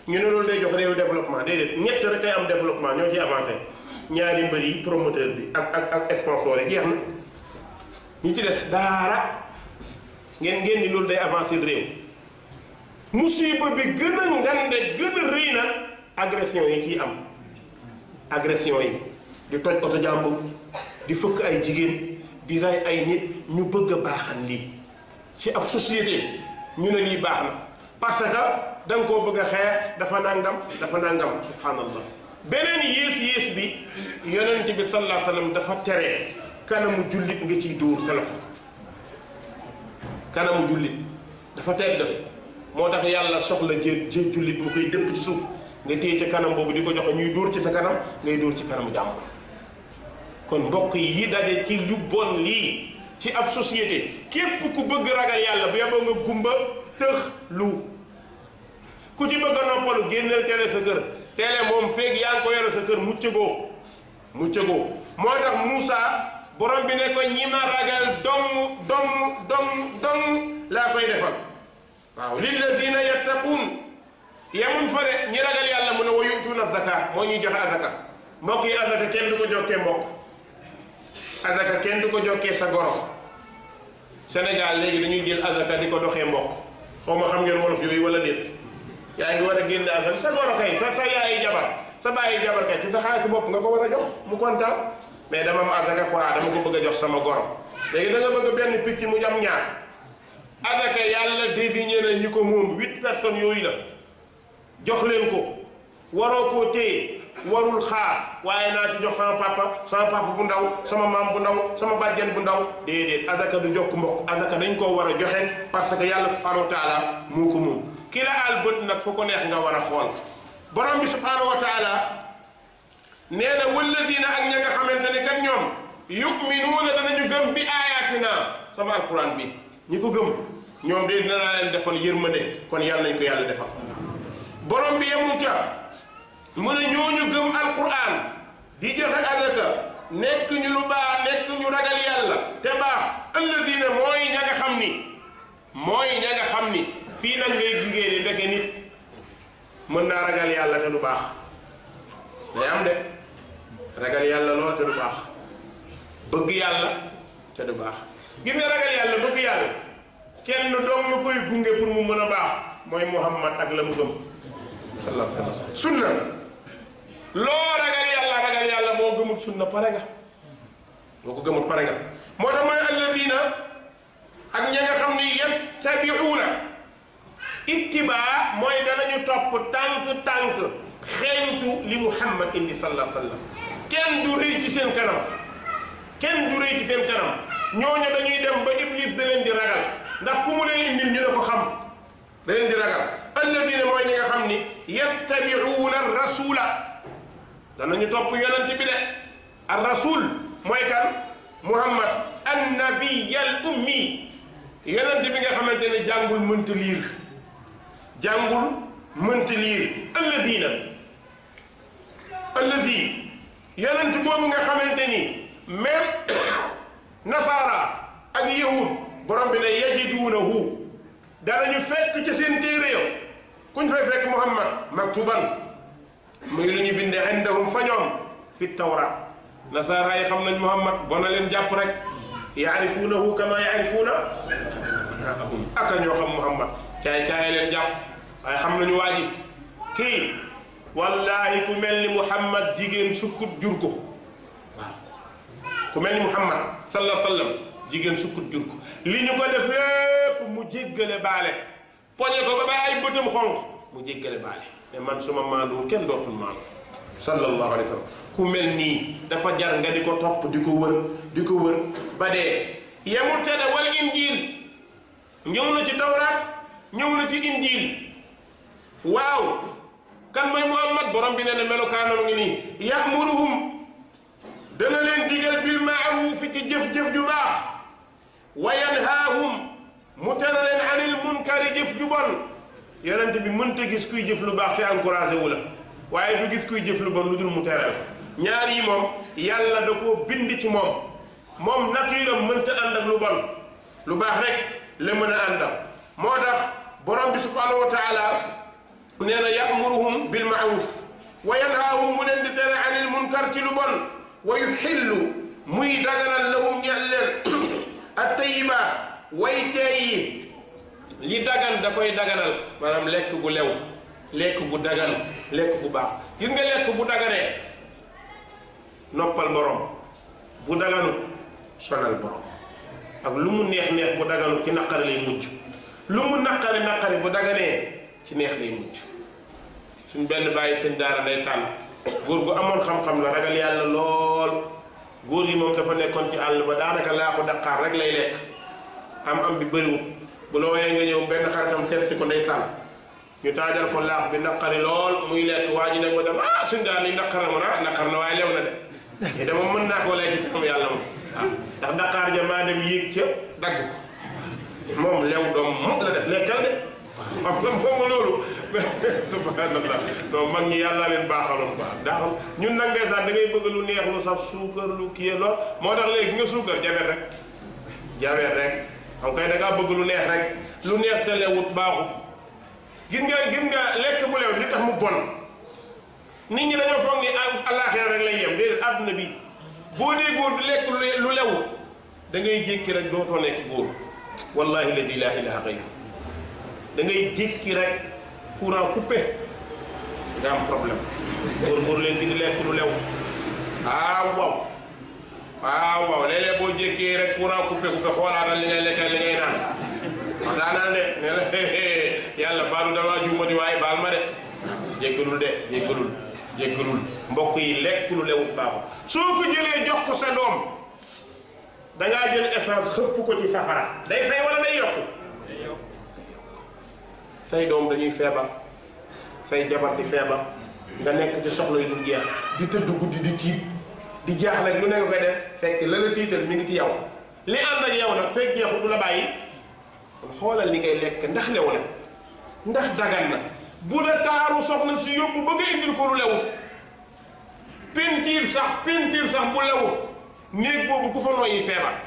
ñu ne loolu day jox réew développement déedéet ñett rek ay am développement ñoo ciy avancé ñaari mbër yi promoteur bi ak ak ak sponsor yi jeex na ñi ci des daara ngeen ngeen ni loolu day avancé réew. musiba bi gën a ngande gën a rëy nag agression yi ciy am agression yi di toj oto jàmbur di fëkk ay jigéen di rey ay nit ñu bëgg a baaxal lii ci ab société ñu ne nii baax na parce que da nga koo bëgg a xeex dafa nangam dafa nangam subhanallah beneen yées yées bi yonent bi sallallahu alayhi wa sallam dafa tere kanamu jullit nga ciy dóor sa loxo kanamu jullit dafa tedd moo tax yàlla soxla jë jë jullit mu koy dëpp ci suuf nga téye ca kanam boobu di ko joxe ñuy dóor ci sa kanam ngay dóor ci kanamu jàmbur kon mbokk yi daje ci lu bon lii ci ab société képp ku bëgg ragal yàlla bu yaboo nga gumba tëx lu ku ci bëgg a noppalu génneel télé sa kër télé moom feeg yaa ngi ko yore sa kër muccëgoo muccëgoo moo tax Moussa borom bi ne ko ñi ma ragal dong dong dong dong laa koy defal waaw lii lilladina yattaquun yemuñ fa de ñi ragal yàlla mu ne wa na zaka moo ñuy joxe azaka mbokk yi azaka kenn du ko jokkee mbokk azaka kenn du ko jokkee sa goro Sénégal léegi dañuy jël azaka di ko doxee mbokk xaw ma xam ngeen wolof wala déet yaa ngi war a génn azaka sa goro kay sa sa sa bàyyi jabar kay ci sa bopp nga ko a jox mu mais dama am azaka quoi dama ko bëgg a jox sama goro léegi da nga bëgg benn picc mu jam ñaar azaka yàlla désigné na ñi ko moom huit personnes yooyu la jox leen ko waroo koo téye warul xaar waaye naa ci jox sama papa sama papa bu ndaw sama maam bu ndaw sama bàjjen bu ndaw déedéet azaka du jokk mbokk azaka dañ koo war a joxe parce que yàlla subhanahu wa moo ko moom ki la nag fu ko neex nga war a xool borom bi subhanahu wa nee na walladina ak ña nga xamante ne kat ñoom yuminuuna danañu gëm bi ayatina sama alquran bi ñi ko gëm ñoom de dina naa leen defal yërmande kon yàlla nañ ko yàlla defal borom bi yemul ca mu ne ñooñu gëm alquran di joxe azaka nekk ñu lu baax nekk ñu ragal yàlla te baax allazina mooy ña nga xam ni mooy ña nga xam ni fii nag ngay jigéen yi nit mën naa ragal yàlla te lu baax day am de ragal yàlla lool te du baax bëgg yàlla te du baax gis nga ragal yàlla bëgg yàlla kenn doom lu koy gunge pour mu mën a baax mooy muhammad ak la mu gëm sunna loo ragal yàlla ragal yàlla moo gëmut sunna pare nga moo ko gëmut pare nga moo tax mooy alladina ak ña nga xam ni yattabiuuna ittibaa mooy danañu topp tànk tànk xeeñtu li muhammad indi sallallahu alayhi wasallam kenn du rëy ci seen kanam kenn du rëy ci seen kanam ñooñu dañuy dem ba iblis da leen di ragal ndax ku mu leen indil ñu ne ko xam da leen di ragal alladina mooy ñi nga xam ni yattabiuuna rasula danañu topp yonent bi de ar rasul di kan muhammad annabiyal ummi yonent bi nga xamante ne jàngul mënta liir jàngul mënta liir alladina alladi yonent boobu nga xamante ni même nasaara ak yahud borom bi ne yajiduunahu ñu fekk ci seen téere yo kuñ fay fekk muhammad maktuban muy lu ñu binde indahum fa ñoom fi tawraat nasaara yi xam nañ muhammad bona leen jàpp rek yaarifuunahu kama yaarifuuna abnaahum aka ñoo xam muhammad caay caay leen jàpp waaye xam nañu waa ji wallahi ku mel ni muhammad jigéen sukkut jur ko ku mel ni Muhammad sallallahu alayhi wa sallam jigéen sukkut jur ko li ñu ko def lépp mu jéggale baale poñe ko ba ba ay bëtam xonq mu jéggale baale mais man suma maanduwul kenn dootul maandu sallallahu alayhi wa ku mel nii dafa jar nga di ko topp di ko wër di ko wër ba dee yemul te ne wal injiil ñëw na ci tawraat ñëw ci injiil waaw kan mooy Muhammad borom bi nee na melokaanam ngi nii ya'muruhum dana leen digal bil maaruuf ci jëf-jëf ju baax wa yanhaahum mu tere leen jëf ju bon yonent bi mënta gis kuy jëf lu baax te encouragé wula la waaye du gis kuy jëf lu bon dul mu tere ñaar yi moom yàlla da koo bind ci moom moom nature am mënta ànd ak lu bon lu baax rek la mën a àndal moo tax borom bi subhaanahu wa taala nee na yamuruhum bil maaruf wa yanhaahum mu leen di tere anil munkar ci lu bon wa yuxillu muy daganal lahum ñeel leen attayibaat way teey yi li dagan da koy daganal maanaam lekk gu lew lekk gu dagan lekk gu baax gis nga lekk bu daganee noppal borom bu daganu sonal borom ak lu mu neex neex bu daganu ci naqari lay mujj lu mu naqari naqari bu daganee ci neex lay mujj suñ benn bàyyi seen daara sànn góor gu amoon xam-xam la ragal yàlla lool góor yi moom dafa nekkoon ci àll ba daanaka laaxu daqaar rek lay lekk am am bi bëriwul bu la wooyee nga ñëw benn xaritam seet si ko ndeysaan ñu taajal ko laax bi naqari lool muy lekk waa ji nag ba dem ah li naqar na ma naqar na de te dama mën naa ko lay ci kanam yàlla moom ah, dagg ko moom lew doom moom la def lekkal de xam nga loolu subhanallah non mag ñi yàlla leen baaxaloon baax ndax ñun nag ndeysaan da ngay bëgg lu neex lu saf suukar lu kii lool moo tax léegi nga suukar jabet rek jabet rek xam kay da ngaa bëgg lu neex rek lu neex te lewut baaxu gis nga gis nga lekk bu lew li tax mu bon nit ñi dañoo foog ni àllaaxira rek la yem déedéet àdduna bi boo dee góor di lekk lu lewut da ngay rek dootoo nekk góor jékki rek courant coupé nga am problème góor-góor leen di lekk lu lew waaw waaw waaw waaw léeg boo jékkee rek courant coupé ku ko xoolaatal li ngay lekk li ngay naan wax daa de ne la de jéggalul de jéggalul jéggalul mbokk yi lekk lu lewut baaxul soo ko jëlee jox ko sa doom dangaa jël essence xëpp ko ci safara day fay wala day yokku say doom dañuy feebar say jabar di feebar nga nekk ci soxla yu dul jeex di tëdd guddi di tiit di jaaxle mu nekk koy def fekk la la tiital mi ngi ci yow li ànd ak yow nag fekk jeexu du la bàyyi xoolal ni ngay lekk ndax lew la ndax dagan na bu la taaru soxna si yóbbu ba nga indil ko lu lewut pentiir sax pentiir sax bu lewut néeg boobu ku fa noyyi feebar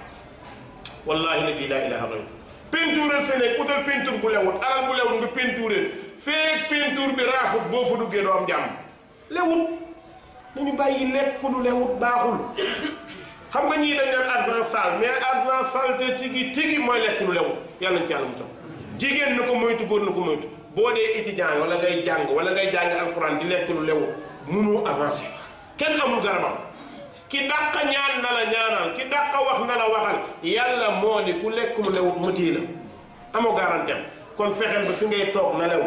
wallahi la ilaha illallah peinture Sénégal utal peinture bu lewut alal bu lewut nga peinture feek peinture bi raafut boo fa duggee doo am jàmm lewut nañu bàyyi lekk lu lewut baaxul xam nga ñii dañ naan argent sale mais argent sale te tigi tigi mooy lekk lu lewut yàlla nañ ci yàlla mu tam jigéen na ko moytu góor na ko moytu boo dee étudiant wala ngay jàng wala ngay jàng alxuraan di lekk lu lewut munoo avancé kenn amul garabam ki dàq ñaan na la ñaanal ki dàq wax na la waxal yàlla moo ni ku lekk mu lewut mu tii la amoo kon fexeel ba fi ngay toog na lew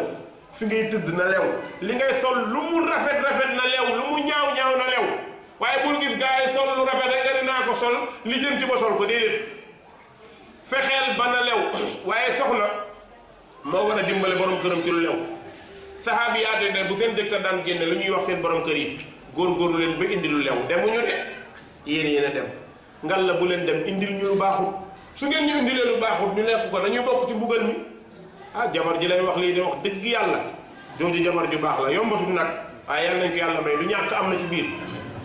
fi ngay tëdd na lew li ngay sol lu mu rafet rafet na lew lu mu ñaaw ñaaw na lew waaye bul gis gars yi sol lu rafet rek nga naa ko sol li jënti ba sol ko déedéet fexeel ba na lew waaye soxna moo war a dimbale borom këram ci lu lew saxaabi yaate ne bu seen jëkkër daan génne lu ñuy wax seen borom kër yi góor leen ba indi lu lew yéen yéen a dem ngal la bu leen dem indil ñu lu baaxut su ngeen ñu indilee lu baaxut ñu lekk ko dañuy bokk ci mbugal mi ah jabar ji lay wax lii de wax dëgg yàlla jooju jabar ju baax la yombatul nag waaye yal yàlla may lu ñàkk am na ci biir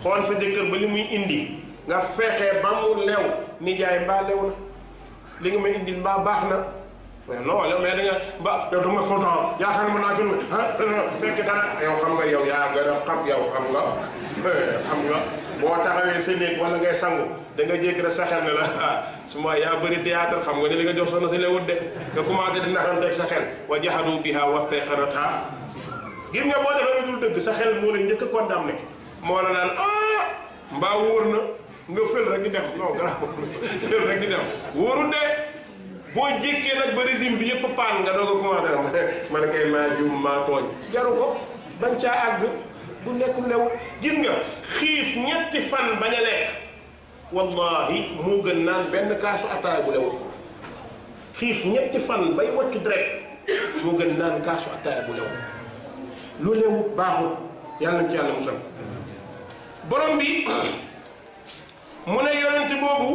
xool sa jëkkër ba li muy indi nga fexe ba mu lew nijaay mbaa lew li nga may indil baax na mais non la mais da nga ba naa naa gën a ah, ah, fekk dara yow xam nga yow yaa gën a xam yow xam nga eh, xam nga. boo taxawee sa néeg wala ngay sangu danga nga jékki rek sa xel ne la ah, su ma yaa bëri théâtre xam nga ne li nga jox na si leewut de nga commencé di naxanteeg sa xel wa jaxadu biha wastayqanatha gis nga boo defee lu dul dëgg sa xel moo lay njëkk a condamné moo la naan ah mbaa wóor na nga fël rek di dem non garaaw fël rek di dem wóorul de. boo jékkee nag ba régime bi yëpp paan nga doog a commencé man kay maa juum maa tooñ jaru ko bañ caa àgg bu nekkul lew gis nga xiif ñetti fan bañ a lekk wallahi moo gën naan benn kaasu ataay bu lew xiif ñetti fan bay wàccu direct moo gën naan kaasu ataay bu lew lu lew baaxut yàlla ci yàlla musal borom bi mu ne yonent boobu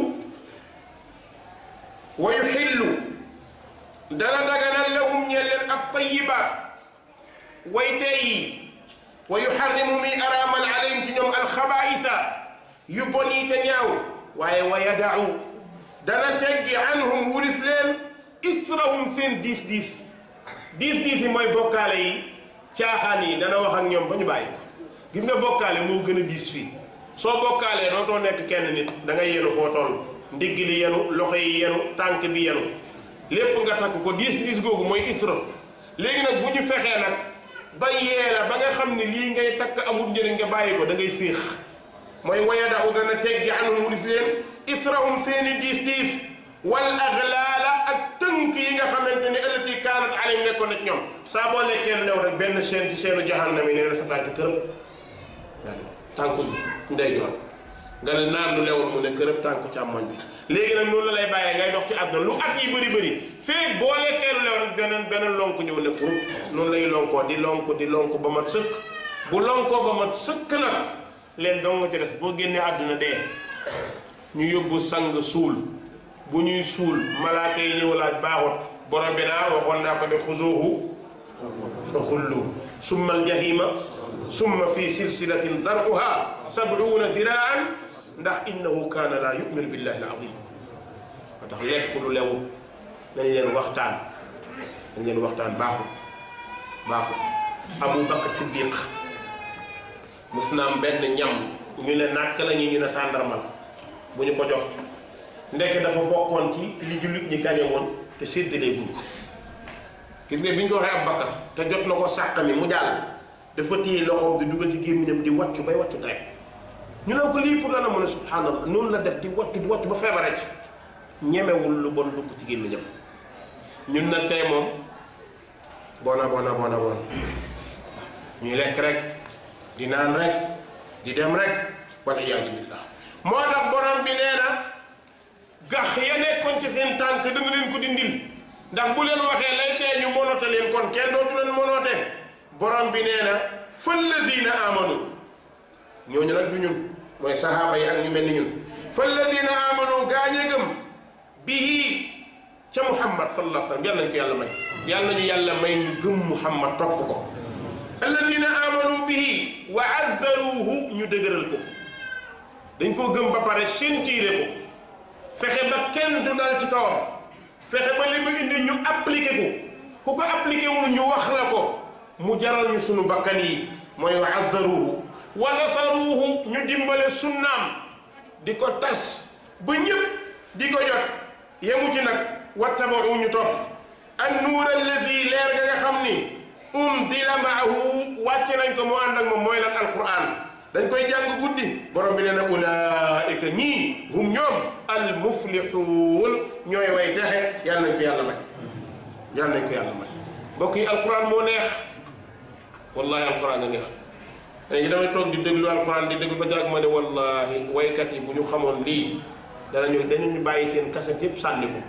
wa yuxillu dana daganal lahum ñeel leen ak tayyibaat way yi wa yuharrimu mi araaman alayhim ci ñoom alxabaayisa yu bon yi te ñaaw waaye wa yadau dana teggi anhum wurif leen israhum seen diis diis diis diis yi mooy bokkaale yi caaxaan yi dana wax ak ñoom ba ñu bàyyi ko gis nga bokkaale moo gën a diis fii soo bokkaalee too nekk kenn nit da ngay yenu foo toll ndigg li yenu loxo yi yenu tànk bi yenu lépp nga takk ko diis diis googu mooy isra léegi nag bu ñu fexee nag ba yee la ba nga xam ne lii ngay takk amul njëriñ nga bàyyi ko da ngay féex mooy wayadaw dana teggi anhum wulis leen israhum seeni diis diis wal aglaala ak tënk yi nga xamante ni ëllëti kaanat alayhim nekkoon ak ñoom saa boo lekkee lu new rek benn chaîne ci chaîne jahannam yi nee na sa tànk kërëm tànku ndey joon nga ne naan lu lewul mu ne gërëm tànk càmmoñ bi léegi nag noonu la lay bàyyee ngay dox ci àdduna lu at yi bëri bëri feeg boo lekkee lu lew rek beneen beneen lonk ñëw ne pour noonu lay lonkoo di lonk di lonk ba mat sëkk bu lonkoo ba ma sëkk nag leen dong nga ci des boo génnee àdduna de ñu yóbbu sang suul bu ñuy suul malaaka yi ñëw laaj baaxut borom bi naa waxoon naa ko de xuzuuhu fa xullu summa aljahima summa fi silsilatin zar'uha sab'uuna diraan ndax innahu kaana laa yu'minu billahi al-azim ba tax lekk lu lewut nañ leen waxtaan nañ waxtaan baaxut baaxul Abu Bakr Siddiq mos na am benn ñam ñu la nàkk la ñu ñu ne tàndarmal bu ñu ko jox ndekk dafa bokkoon ci li jullit ñi gañe woon te séddalee buñ ko gis nga bi ñu ko ab Bakar te jot na ko sàq mi mu jàll dafa téye loxoom di dugal ci gémmiñam di wàccu bay wàccu deret ñu ne ko lii pour la na mu ne subhanallah noonu la def di wattu di wattu ba feebaree ci ñemewul lu bon dugg ci gémmiñam ñun nag tey moom bona bona bona bon ñuy lekk rek di naan rek di dem rek wal iyaadu billah moo tax borom bi nee na gax ya nekkoon ci seen tànk dana leen ko dindil ndax bu leen waxee lay tee ñu monote leen kon kenn dootu leen monote borom bi nee na fa alladina amanu ñooñu nag du ñun mooy saxaaba yi ak ñu mel fa alladina amanu gaañ a gëm bihi ca muhammad sallallahu alayhi wa sallam yàlla nañu yàlla may yàlla nañu may ñu gëm muhammad topp ko alladina amanu ñu dëgëral ko dañ koo gëm ba pare sentiire ko fexe ba kenn dal ci kawam fexe ba li mu indi ñu appliqué ku ko appliqué wul ñu mu jaral ñu sunu bakkan yi mooy wa azzaruhu wa nasaruuhu ñu dimbale sunnaam di ko tas ba ñëpp di ko jot yemu ci nag wattabaru ñu topp an nuur alladi leer ga nga xam ni undila maahu wàcce nañ ko moo ànd ak moom mooy lan alquran dañ koy jàng guddi borom bi nee na ulaika ñii hum ñoom almuflixuun ñooy way texe yàlla nañ ko yàlla may yàlla nañ ko yàlla may mbokk yi alquran moo neex wallahi alquran a neex léegi damay toog di déglu alxuraan di déglu ba jàgg ma ne wallaahi waykat yi bu ñu xamoon lii danañu dañu bàyyi seen kaset yëpp sànni ko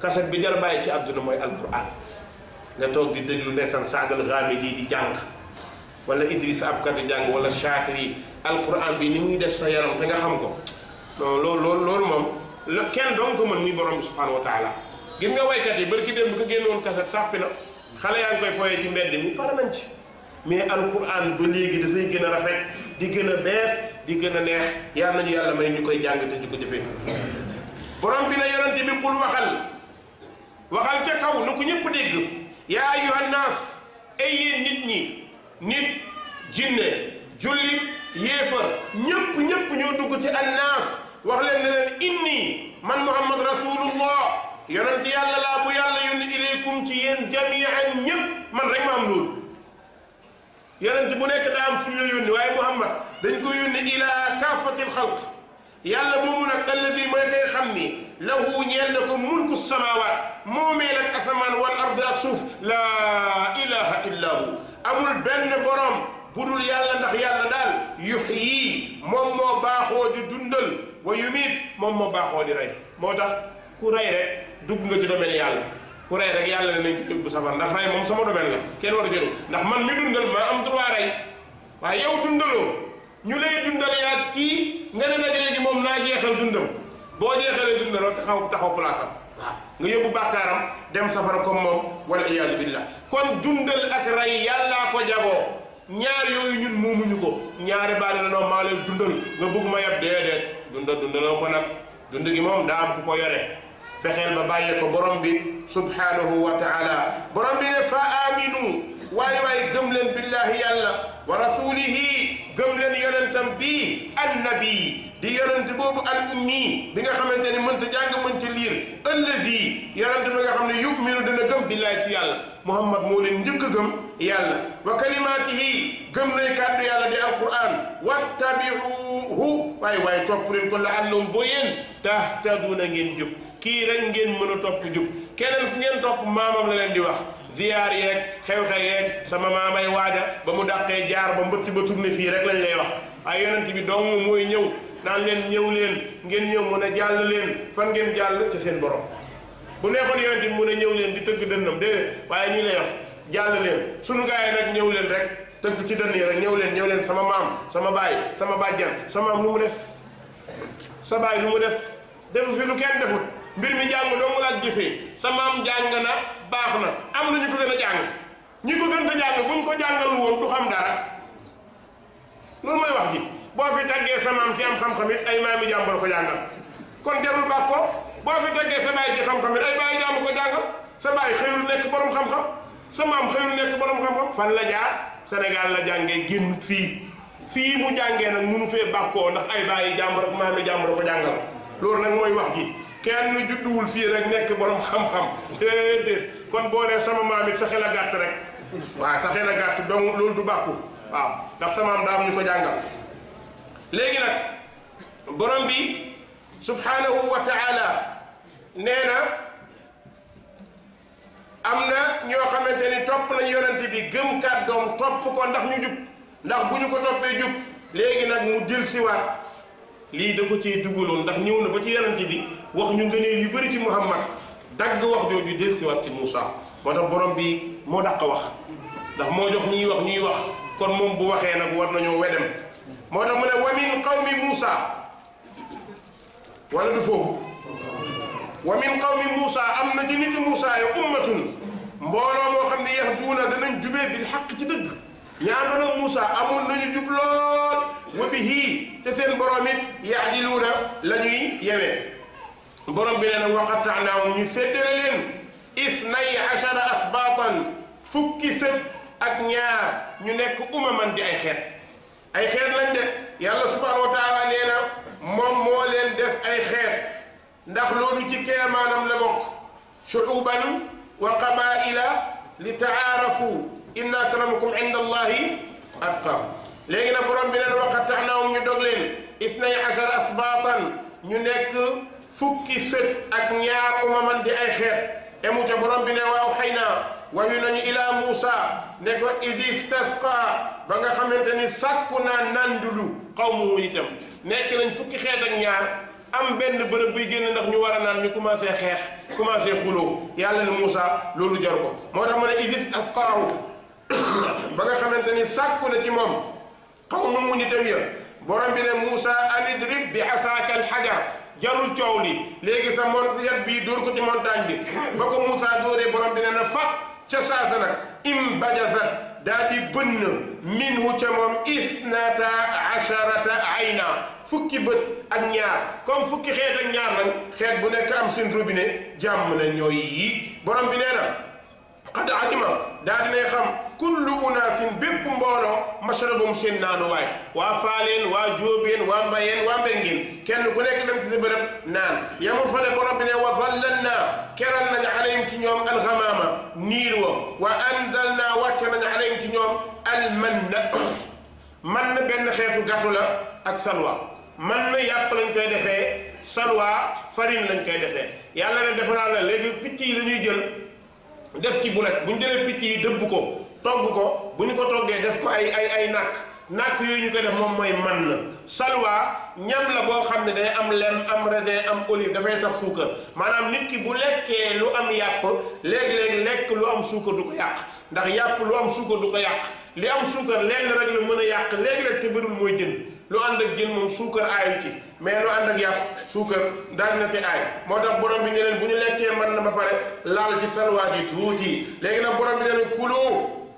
kaset bi jar bàyyi ci àdduna mooy alxuraan nga toog di déglu ndeysaan Saadal Ghamidi di jàng wala Idriss Abka di jàng wala yi alxuraan bi ni muy def sa yaram te nga xam ko non loolu loolu loolu moom la kenn doon ko mën muy borom bi subhaanahu wa taala nga waykat yi bari ki dem bi ko génnoon kaset sàppi na xale yaa ngi koy fooyee ci mbedd nañ ci. mais alquran ba léegi dafay gën a rafet di gën a bees di gën a neex yal nañu yàlla may ñu koy jàng te ko jëfee borom bi na yonente bi pour waxal waxal ca kaw nu ko ñëpp dégg yaa ayyuhan naas ay nit ñi nit jinne jullit yéefar ñëpp ñëpp ñoo dugg ci annaas wax leen ne leen inni man muhammad rasulullah yonent yàlla laa bu yàlla yónni ilaykum ci yéen jamian ñëpp man rek ma am yonent bu nekk daa am fu ñu la yónni waaye Muhammad dañ ko yónni ilaa kaafatil xalq yàlla moomu nag alladi mooy kay xam ni lahu ñeel na ko mulku samawaat moomee nag asamaan wal ard ak suuf laa ilaha illa hu amul benn borom budul yàlla ndax yàlla daal yuxyi moom moo baaxoo di dundal wa yumiit moom moo baaxoo di rey moo tax ku rey rek dugg nga ci domaine yàlla ku rey rek yàlla ne nañ ko yóbbu safara ndax rey moom sama domaine la kenn war a jëru ndax man mi dundal am droit rey yow dundaloo ñu lay dundal kii nga léegi moom naa jeexal dundam boo jeexalee dundaloo taxaw taxaw place am waaw nga yóbbu bàkkaaram dem safara comme moom wala iyaadu billah kon dundal ak rey yàllaa ko jagoo ñaar yooyu ñun moomuñu ko ñaari baal la noo maa lay dundal nga bëgg ma yab déedéet dundal dundaloo ko nag dund gi moom daa am ku ko yore fexeel ba bàyyee ko borom bi subhanahu wa taala borom bi ne fa aminu waay waay gëm leen billahi yàlla wa rasulihi gëm leen yonentam bii annabi di yonent boobu al ummi bi nga xamante ni mënta jàng mënta liir allazi yonent bi nga xam ne yuminu dina gëm billahi ci yàlla muhammad moo leen njëkk gëm yàlla wa kalimaatihi gëm nay kàddu yàlla di alquran wattabiuhu waay waay topp leen ko laallahum boo yéen tahtaduuna ngeen jub kii rek ngeen mën a topp jub keneen ku ngeen topp maamam la leen di wax ziyaar yeeg xew-xew yeeg sama maamay waaja ba mu dàqee jaar ba mbëtt ba tourné fii rek lañ lay wax ay yonent bi dong mooy ñëw naan leen ñëw leen ngeen ñëw mën a jàll leen fan ngeen jàll ca seen borom bu nekkoon yonent bi a ñëw leen di tëgg dënnam déedéet waaye ñu ne wax jàll leen sunu gars yi nag ñëw leen rek tëgg ci dënn yi rek ñëw leen ñëw leen sama maam sama baay sama bàjjan sama maam lu mu def sa baay lu mbir mi jàng dong la ak jëfee sa maam jàng na baax na am na ñu ko gën a jàng ñi ko gën a buñ ko jàngal woon du xam dara loolu mooy wax ji boo fi tàggee sa maam ci am xam-xam it ay maami jàmbur ko jàngal kon jarul baax ko boo fi tàggee sa baay ci xam ko jàngal sa baay nekk borom xam-xam sa maam xëyul nekk borom xam-xam fan la jaar Sénégal la jàngee génn fii fii mu jàngee nag munu fee bàkkoo ndax ay baay jàmbur ak maami jàmbur ko jàngal loolu nag mooy wax ji. kenn judduwul fii rek nekk borom xam-xam déedéet kon boo sama maam it fexe gàtt rek waaw sa la gàtt donc loolu du bàkku waaw ndax sama maam daa am ñu ko jàngam léegi nag borom bi subhanahu wa taala nee na am na ñoo xamante ni topp nañ yonente bi gëm kàddoom topp ko ndax ñu jub ndax bu ñu ko toppee jub léegi nag mu dil siwaat lii da ko cee dugaloon ndax ñëw na ba ci yonent bi wax ñu ngëneel yu bëri ci Muhammad dagg wax jooju dellusiwaat ci Moussa moo tax borom bi moo dàq wax ndax moo jox ñuy wax ñuy wax kon moom bu waxee nag war nañoo wedem moo tax mu ne wa min qawmi Moussa wala du foofu wa min qawmi Moussa am na ci nit Moussa ya ummatun mbooloo moo xam ne yahduuna danañ jubee bil ci dëgg ñaa ndono Moussa jubloo wa bihi te seen borom it yaadiluuna la ñuy yemee borom bi nee na waqataanaahum ñu séddale leen isnay achara asbaatan fukki sët ak ñaar ñu nekk umaman di ay xeet ay xeet lañ de yàlla subhaanahu wa taala nee na moom moo leen def ay xeet ndax loolu ci keemaanam la bokk shuuban wa qabaila li inna akramakum inda allahi atqakum léegi nag borom bi neen waqattaxnaahum ñu dog leen isnay achara asbaatan ñu nekk fukki sët ak ñaar umaman di ay xeet emu ca borom bi ne waaw xëy naa waxyu nañu ilaa Muusa ne ko idi stasqa ba nga xamante ni sàkku naa nandulu xaw mu wu itam nekk nañ fukki xeet ak ñaar am benn bërëb buy génn ndax ñu war a naan ñu commencé xeex commencé xuloo yàlla ne Muusa loolu jar ko moo tax mu ne idi stasqaahu ba nga xamante ni sàkku na ci moom xawma mu nitam ya borom bi ne Moussa an idrib bi asaaka alxajar jarul coow li léegi sa mont yat bii dóor ko ci montagne bi ba ko Moussa dóoree borom bi na fat ca saasa nag im bajasat daa di bënn minhu ca moom isnata fukki bët ak ñaar comme fukki xeet ak ñaar nag xeet bu nekk am seen robinet jàmm na ñooy borom bi nee na xad alima daal dinay xam kullu unaasin bépp mbooloo mashrabum seen naanuwaay waa faaleen waa jóobeen waa mbayeen waa mbengeen kenn ku nekk dem ci sa bërëb naan yamul fa ne borom bi ne wa dallan naa keral nañ alayhim ci ñoom alxamaama niir wa wa andal naa wàcce nañ alayhim ci ñoom almanna man na benn xeetu gàttu la ak salwa man na yàpp lañ koy defee salwa farine lañ koy defee yàlla ne defaraal la léegi picc yi la ñuy jël def ci bulet bu ñu jëlee picc yi dëbb ko togg ko bu ñu ko toggee def ko ay ay ay nàkk nàkk yooyu ñu koy def moom mooy man na salwa ñam la boo xam ne day am lem am raisin am olive dafay sax suukar maanaam nit ki bu lekkee lu am yàpp léeg-léeg lekk lu am suukar du ko yàq ndax yàpp lu am suukar du ko yàq li am suukar lenn rek la mën a yàq léeg-léeg te bërul mooy jën lu ànd ak jën moom suukar aayu ci mais lu ànd ak yàpp suukar daal na te aay moo tax borom bi ne bu ñu lekkee man na ba pare laal ci salwaa ji tuuti léegi nag borom bi ne leen kuloo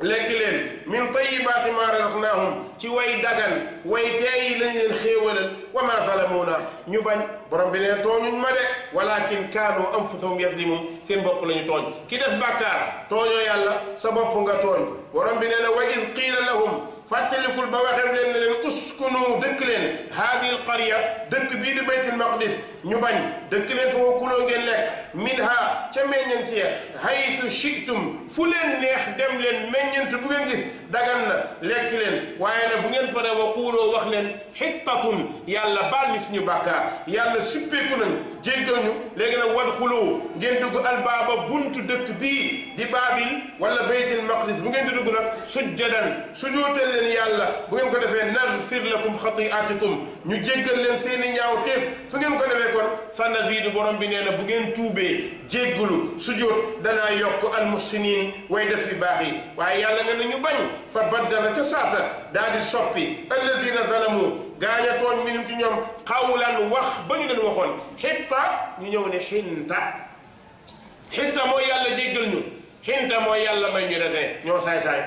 lekk leen min tayyibaati maa razaqnaahum ci way dagan way teeyi lañ leen xéewalal wa maa zalamuuna ñu bañ borom bi ne tooñuñ ma de walakin kaanu anfusahum yazlimuun seen bopp la ñu tooñ ki def bàkkaar tooñoo yàlla sa bopp nga tooñ borom bi ne ne wa iz qiila lahum fàttalikul ba waxee leen ne leen uskunu dëkk leen haadihi alqarya dëkk bii di baytul maqdis ñu bañ dëkk leen fa wakkuloo ngeen lekk minha ca meññent ya haytu shi'tum fu leen neex dem leen meññent bu ngeen gis dagan na lekk leen waaye nag bu ngeen paree waquuloo wax leen xittatun yàlla baal ñu suñu bàkkaar yàlla suppeeku nañ jéggal ñu léegi nag wad xuloo ngeen dugg albaaba buntu dëkk bii di baabil wala baytil maqdis bu ngeen di dugg nag sujjadan sujootal leen yàlla bu ngeen ko defee naghfir lakum xati'atikum ñu jéggal leen seeni ñaaw teef su ngeen ko defee kon sa naziidu borom bi nee na bu ngeen tuubee jéggalu sujoot danaa yokk almuhsinin way def yu baax yi waaye yàlla nee na ñu bañ fa baddala ca saasa daal di soppi allazina zalamu gaañ a tooñ minum ci ñoom xawlan wax ba ñu leen waxoon xitta ñu ñëw ne xinta mooy yàlla jéggal ñu xinta mooy yàlla may ñu resin ñoo saay-saay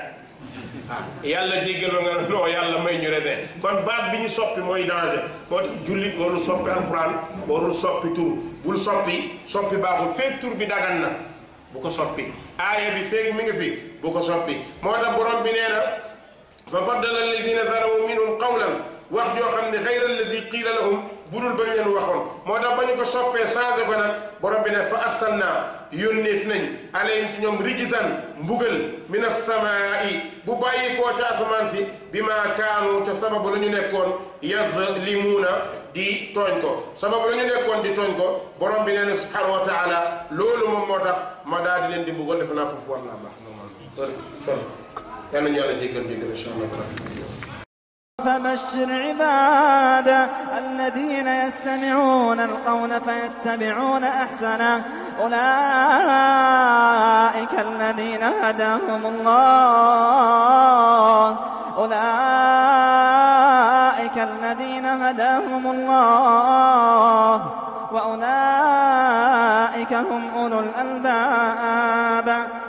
waaw ah, yàlla jéggal nga non may ñu resin kon baat bi ñu soppi mooy danger moo tax jullit warul soppi alxuraan warul soppi tur soppi tur bi dagan na bu ko soppi aaya bi feeg mi ngi fi bu ko soppi moo tax borom bi nee na fa baddala alladina zalamu minhum qawlan wax joo xam ne xayra alladi qiila lahum budul ba ñu leen waxoon moo tax ba ñu ko soppee changé ko nag borom bi ne fa arsalna yónneef nañ alayhim ci ñoom rijisan mbugal min assamaa'i bu bàyyi koo ca asamaan si bi maa kaanu ca sababu la ñu nekkoon yazlimuuna di tooñ ko sababu la ñu nekkoon di tooñ ko borom bi nee na subhaanahu wa taala loolu moom moo tax ma daal di leen di mbugal defe naa foofu war naa baax. kon kon yal nañu yàlla jéggal jéggal incha allah. فبشر عباده الذين يستمعون القول فيتبعون أحسنه أولئك الذين هداهم الله أولئك الذين هداهم الله وأولئك هم أولو الألباب